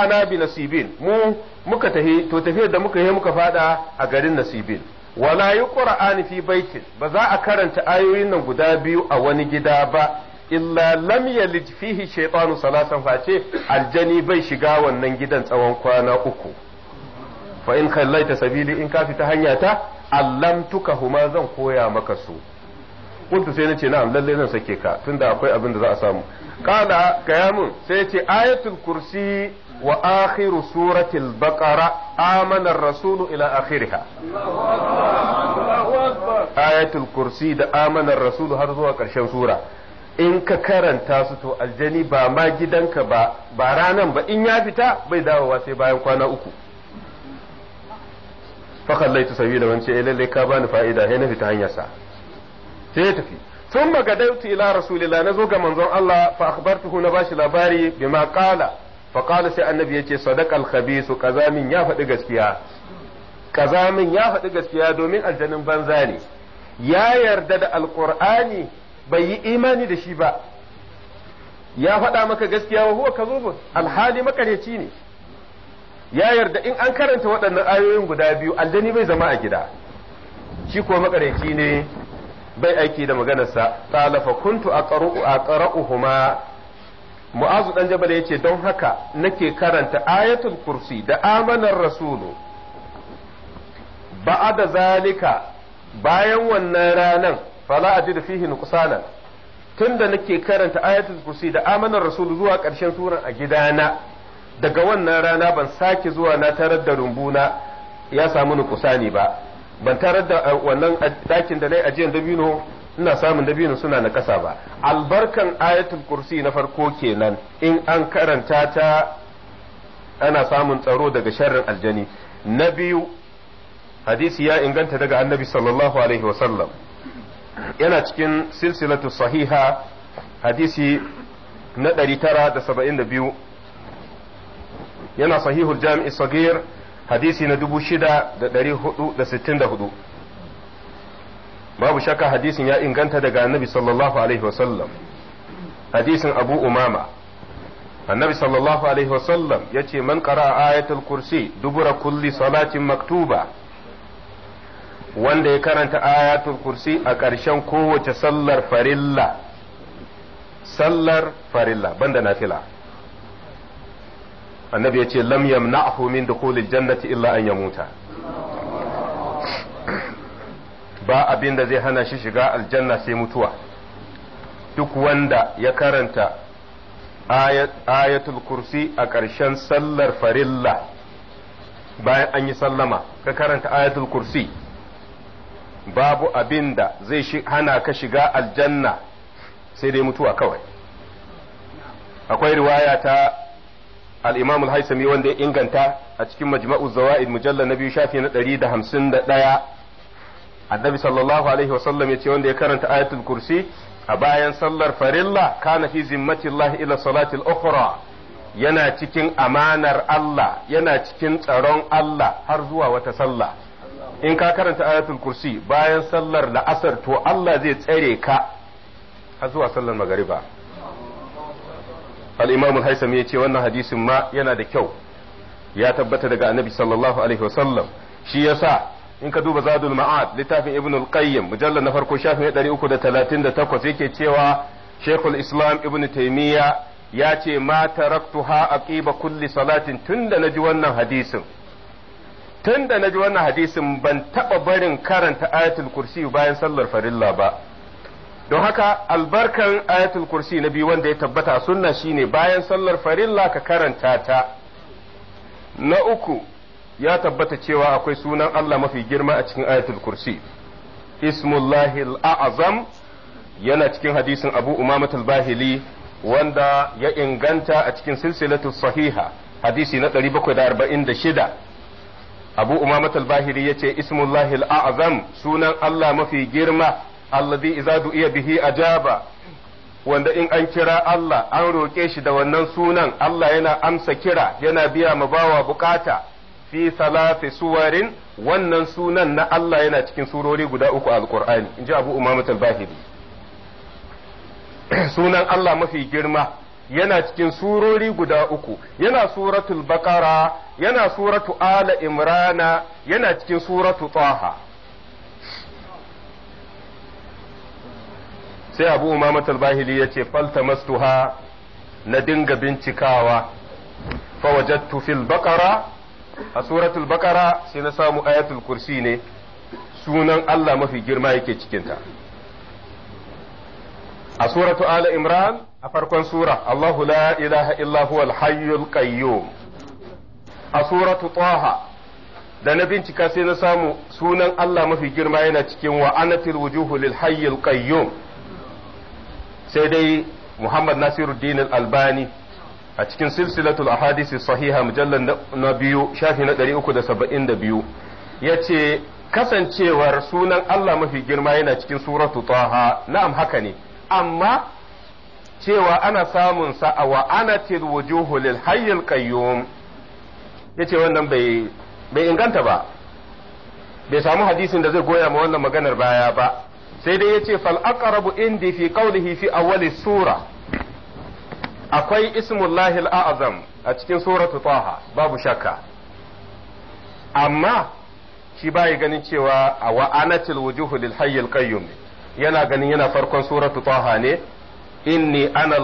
na bi nasibin mu muka tahi to tafiyar da muka yi muka fada a garin nasibin wala yuqra'an fi baitin ba za a karanta ayoyin nan guda biyu a wani gida ba illa lam yalid fihi shaytanu salasan face aljani bai shiga wannan gidan tsawon kwana uku fa in kallaita sabili in kafi ta hanya ta allamtuka huma zan koya maka su kuntu sai nace na'am lalle zan sake ka tunda akwai abin da za a samu qala kayamun sai yace ayatul kursi wa akhiru suratil baqara amana ar-rasulu ila akhiriha ayatul kursi da amana ar-rasulu har zuwa karshen sura in ka karanta su to aljani ba ma gidanka ba ba ranan ba in ya fita bai dawowa sai bayan kwana uku fakallai ta sabi da wance eh lallai ka bani fa'ida sai na fita hanyarsa sai ya tafi sun magadaitu ila rasulillah na zo ga manzon Allah fa akhbartuhu na bashi labari bima qala fa qala sai annabi yace sadaqal khabisu kazamin ya faɗi gaskiya kazamin ya faɗi gaskiya domin aljanin banza ne ya yarda da alqur'ani bai yi imani da shi ba ya faɗa maka gaskiya wa huwa kazubun alhali makareci ne ya yarda in an karanta waɗannan ayoyin guda biyu aljani bai zama a gida shi ko makareci ne bai aiki da maganarsa talafa kuntu aqra'uhuma mu'azu dan jabal yace don haka nake karanta ayatul kursi da amanar rasulu Ba'a da zalika bayan wannan ranan fala ajidu fihi nuqsana tunda nake karanta ayatul kursi da amanar rasul zuwa karshen sura a gidana daga wannan rana ban sake zuwa na tarar da rumbuna ya samu nuqsani ba ban tarar da eh, wannan dakin da nayi ajiyan dabino ina samun dabino suna na kasa ba albarkan ayatul kursi na farko kenan in an karanta ta ana samun tsaro daga sharrin aljani na biyu hadisi ya inganta daga annabi sallallahu alaihi wasallam yana cikin silsilatu sahiha hadisi na 972 yana sahihul jami'i sagir hadisi na 6464 babu shakka hadisin ya inganta daga annabi sallallahu alaihi wasallam hadisin abu umama annabi sallallahu alaihi wasallam ya ce man qara ayatul kursi dubura kulli salatin maktuba wanda ya karanta ayatul kursi a ƙarshen kowace sallar farilla sallar farilla banda nafila annabi ya ce lam yamna'hu min dukhulil jannati illa an yamuta ba abin da zai hana shi shiga aljanna sai mutuwa duk wanda ya karanta ayatul kursi a ƙarshen sallar farilla bayan an yi sallama ka karanta ayatul kursi babu abin da zai hana ka shiga aljanna sai dai mutuwa kawai akwai riwaya ta al haisami wanda ya inganta a cikin majma'u zawaid mujalla na biyu shafi na ɗaya. annabi sallallahu alaihi wasallam ya ce wanda ya karanta ayatul kursi a bayan sallar farilla kana fi zimmatillahi ila salatil ukhra yana cikin amanar Allah yana cikin tsaron Allah har zuwa wata sallah in ka karanta ayatul kursi bayan sallar la'asar to Allah zai tsare ka har zuwa sallar magariba al-imam al ya ce wannan hadisin ma yana da kyau ya tabbata daga annabi sallallahu alaihi wasallam shi yasa in ka duba zadul ma'ad littafin ibn al-qayyim mujallal na farko shafin 338 yake cewa shaykhul islam ibn taymiya ya ce ma taraktuha aqiba kulli salatin tunda naji wannan hadisin tun da na ji wannan hadisin ban taɓa barin karanta ayatul kursi bayan sallar farilla ba don haka albarkan ayatul kursi na biyu wanda ya tabbata sunna shine bayan sallar farilla ka karanta ta na uku ya tabbata cewa akwai sunan Allah mafi girma a cikin ayatul kursi ismullahil a'azam yana cikin hadisin abu umamatul bahili wanda ya inganta a cikin silsilatu sahiha hadisi na 746 abu umamat bahiri yace ismullahi azam sunan Allah mafi girma alladhi izadu iya bihi ajaba wanda in an kira Allah an roƙe shi da wannan sunan Allah yana amsa kira yana biya ma bawa bukata fi salati suwarin wannan sunan na Allah yana cikin surori guda uku Alƙur'ani inji abu umamat bahiri sunan Allah mafi girma yana cikin surori guda uku yana suratul baqara yana suratu ala imrana yana cikin suratu taha sai abu umamat al-bahili yace faltamastuha na dinga bincikawa fa wajadtu fil baqara a suratul baqara sai na samu ayatul kursi ne sunan Allah mafi girma yake cikinta a suratu ala imran a farkon sura Allahu la ilaha illa huwal hayyul qayyum a suratu taha da na bincika sai na samu sunan Allah mafi girma yana cikin wa anatil wujuhu lil hayyul qayyum sai dai Muhammad Nasiruddin al-Albani a cikin silsilatul ahadisi sahiha mujallal na biyu shafi na 372 yace kasancewar sunan Allah mafi girma yana cikin suratu taha na'am haka ne amma cewa ana samun sa a wa'anatil wujuhu lil hayyil qayyum yace wannan bai bai inganta ba bai samu hadisin da zai goya ma wannan maganar baya ba sai dai yace fal aqrabu indi fi qawlihi fi awwali sura akwai ismullahi al-a'zam a cikin suratu taha babu shakka amma shi ba ya ganin cewa a wa'anatil wujuhu lil hayyil qayyum yana ganin yana farkon suratu taha ne inni ana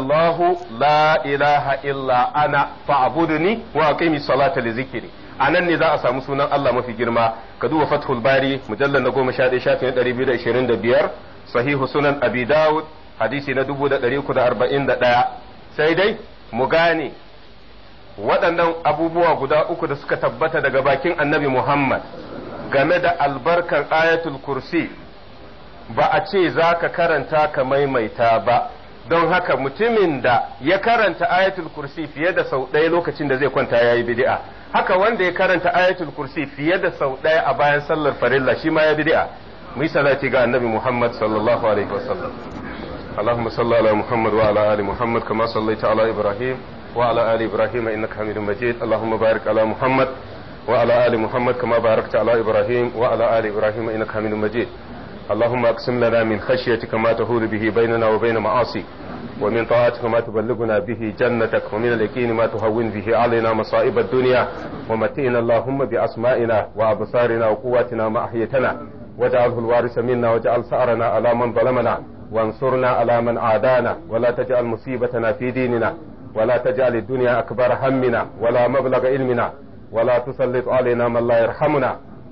la ilaha illa ana fa'buduni wa aqimi salata li zikri anan ne za a samu sunan Allah mafi girma ka duba Fathul Bari mujallal na 11 shafi na 225 sahihu sunan Abi Dawud hadisi na 1341 sai dai mu gane waɗannan abubuwa guda uku da suka tabbata daga bakin Annabi Muhammad game da albarkar ayatul kursi ba a ce za ka karanta ka maimaita ba don haka mutumin da ya karanta ayatul kursi fiye da sau ɗaya lokacin da zai kwanta ya yi bidi'a haka wanda ya karanta ayatul kursi fiye da sau ɗaya a bayan sallar farilla shi ma ya bidi'a mu yi salati ga annabi muhammad sallallahu alaihi wa sallam allahumma salli ala muhammad wa ala ali muhammad kama sallaita ala ibrahim wa ala ali ibrahim innaka hamidum majid allahumma barik ala muhammad wa ala ali muhammad kama barakta ala ibrahim wa ala ali ibrahim innaka hamidum majid اللهم اقسم لنا من خشيتك ما تهول به بيننا وبين معاصيك ومن طاعتك ما تبلغنا به جنتك ومن اليقين ما تهون به علينا مصائب الدنيا ومتئنا اللهم بأسمائنا وأبصارنا وقواتنا ما أحيتنا واجعله الوارث منا واجعل ثأرنا على من ظلمنا وانصرنا على من عادانا ولا تجعل مصيبتنا في ديننا ولا تجعل الدنيا أكبر همنا ولا مبلغ علمنا ولا تسلط علينا من لا يرحمنا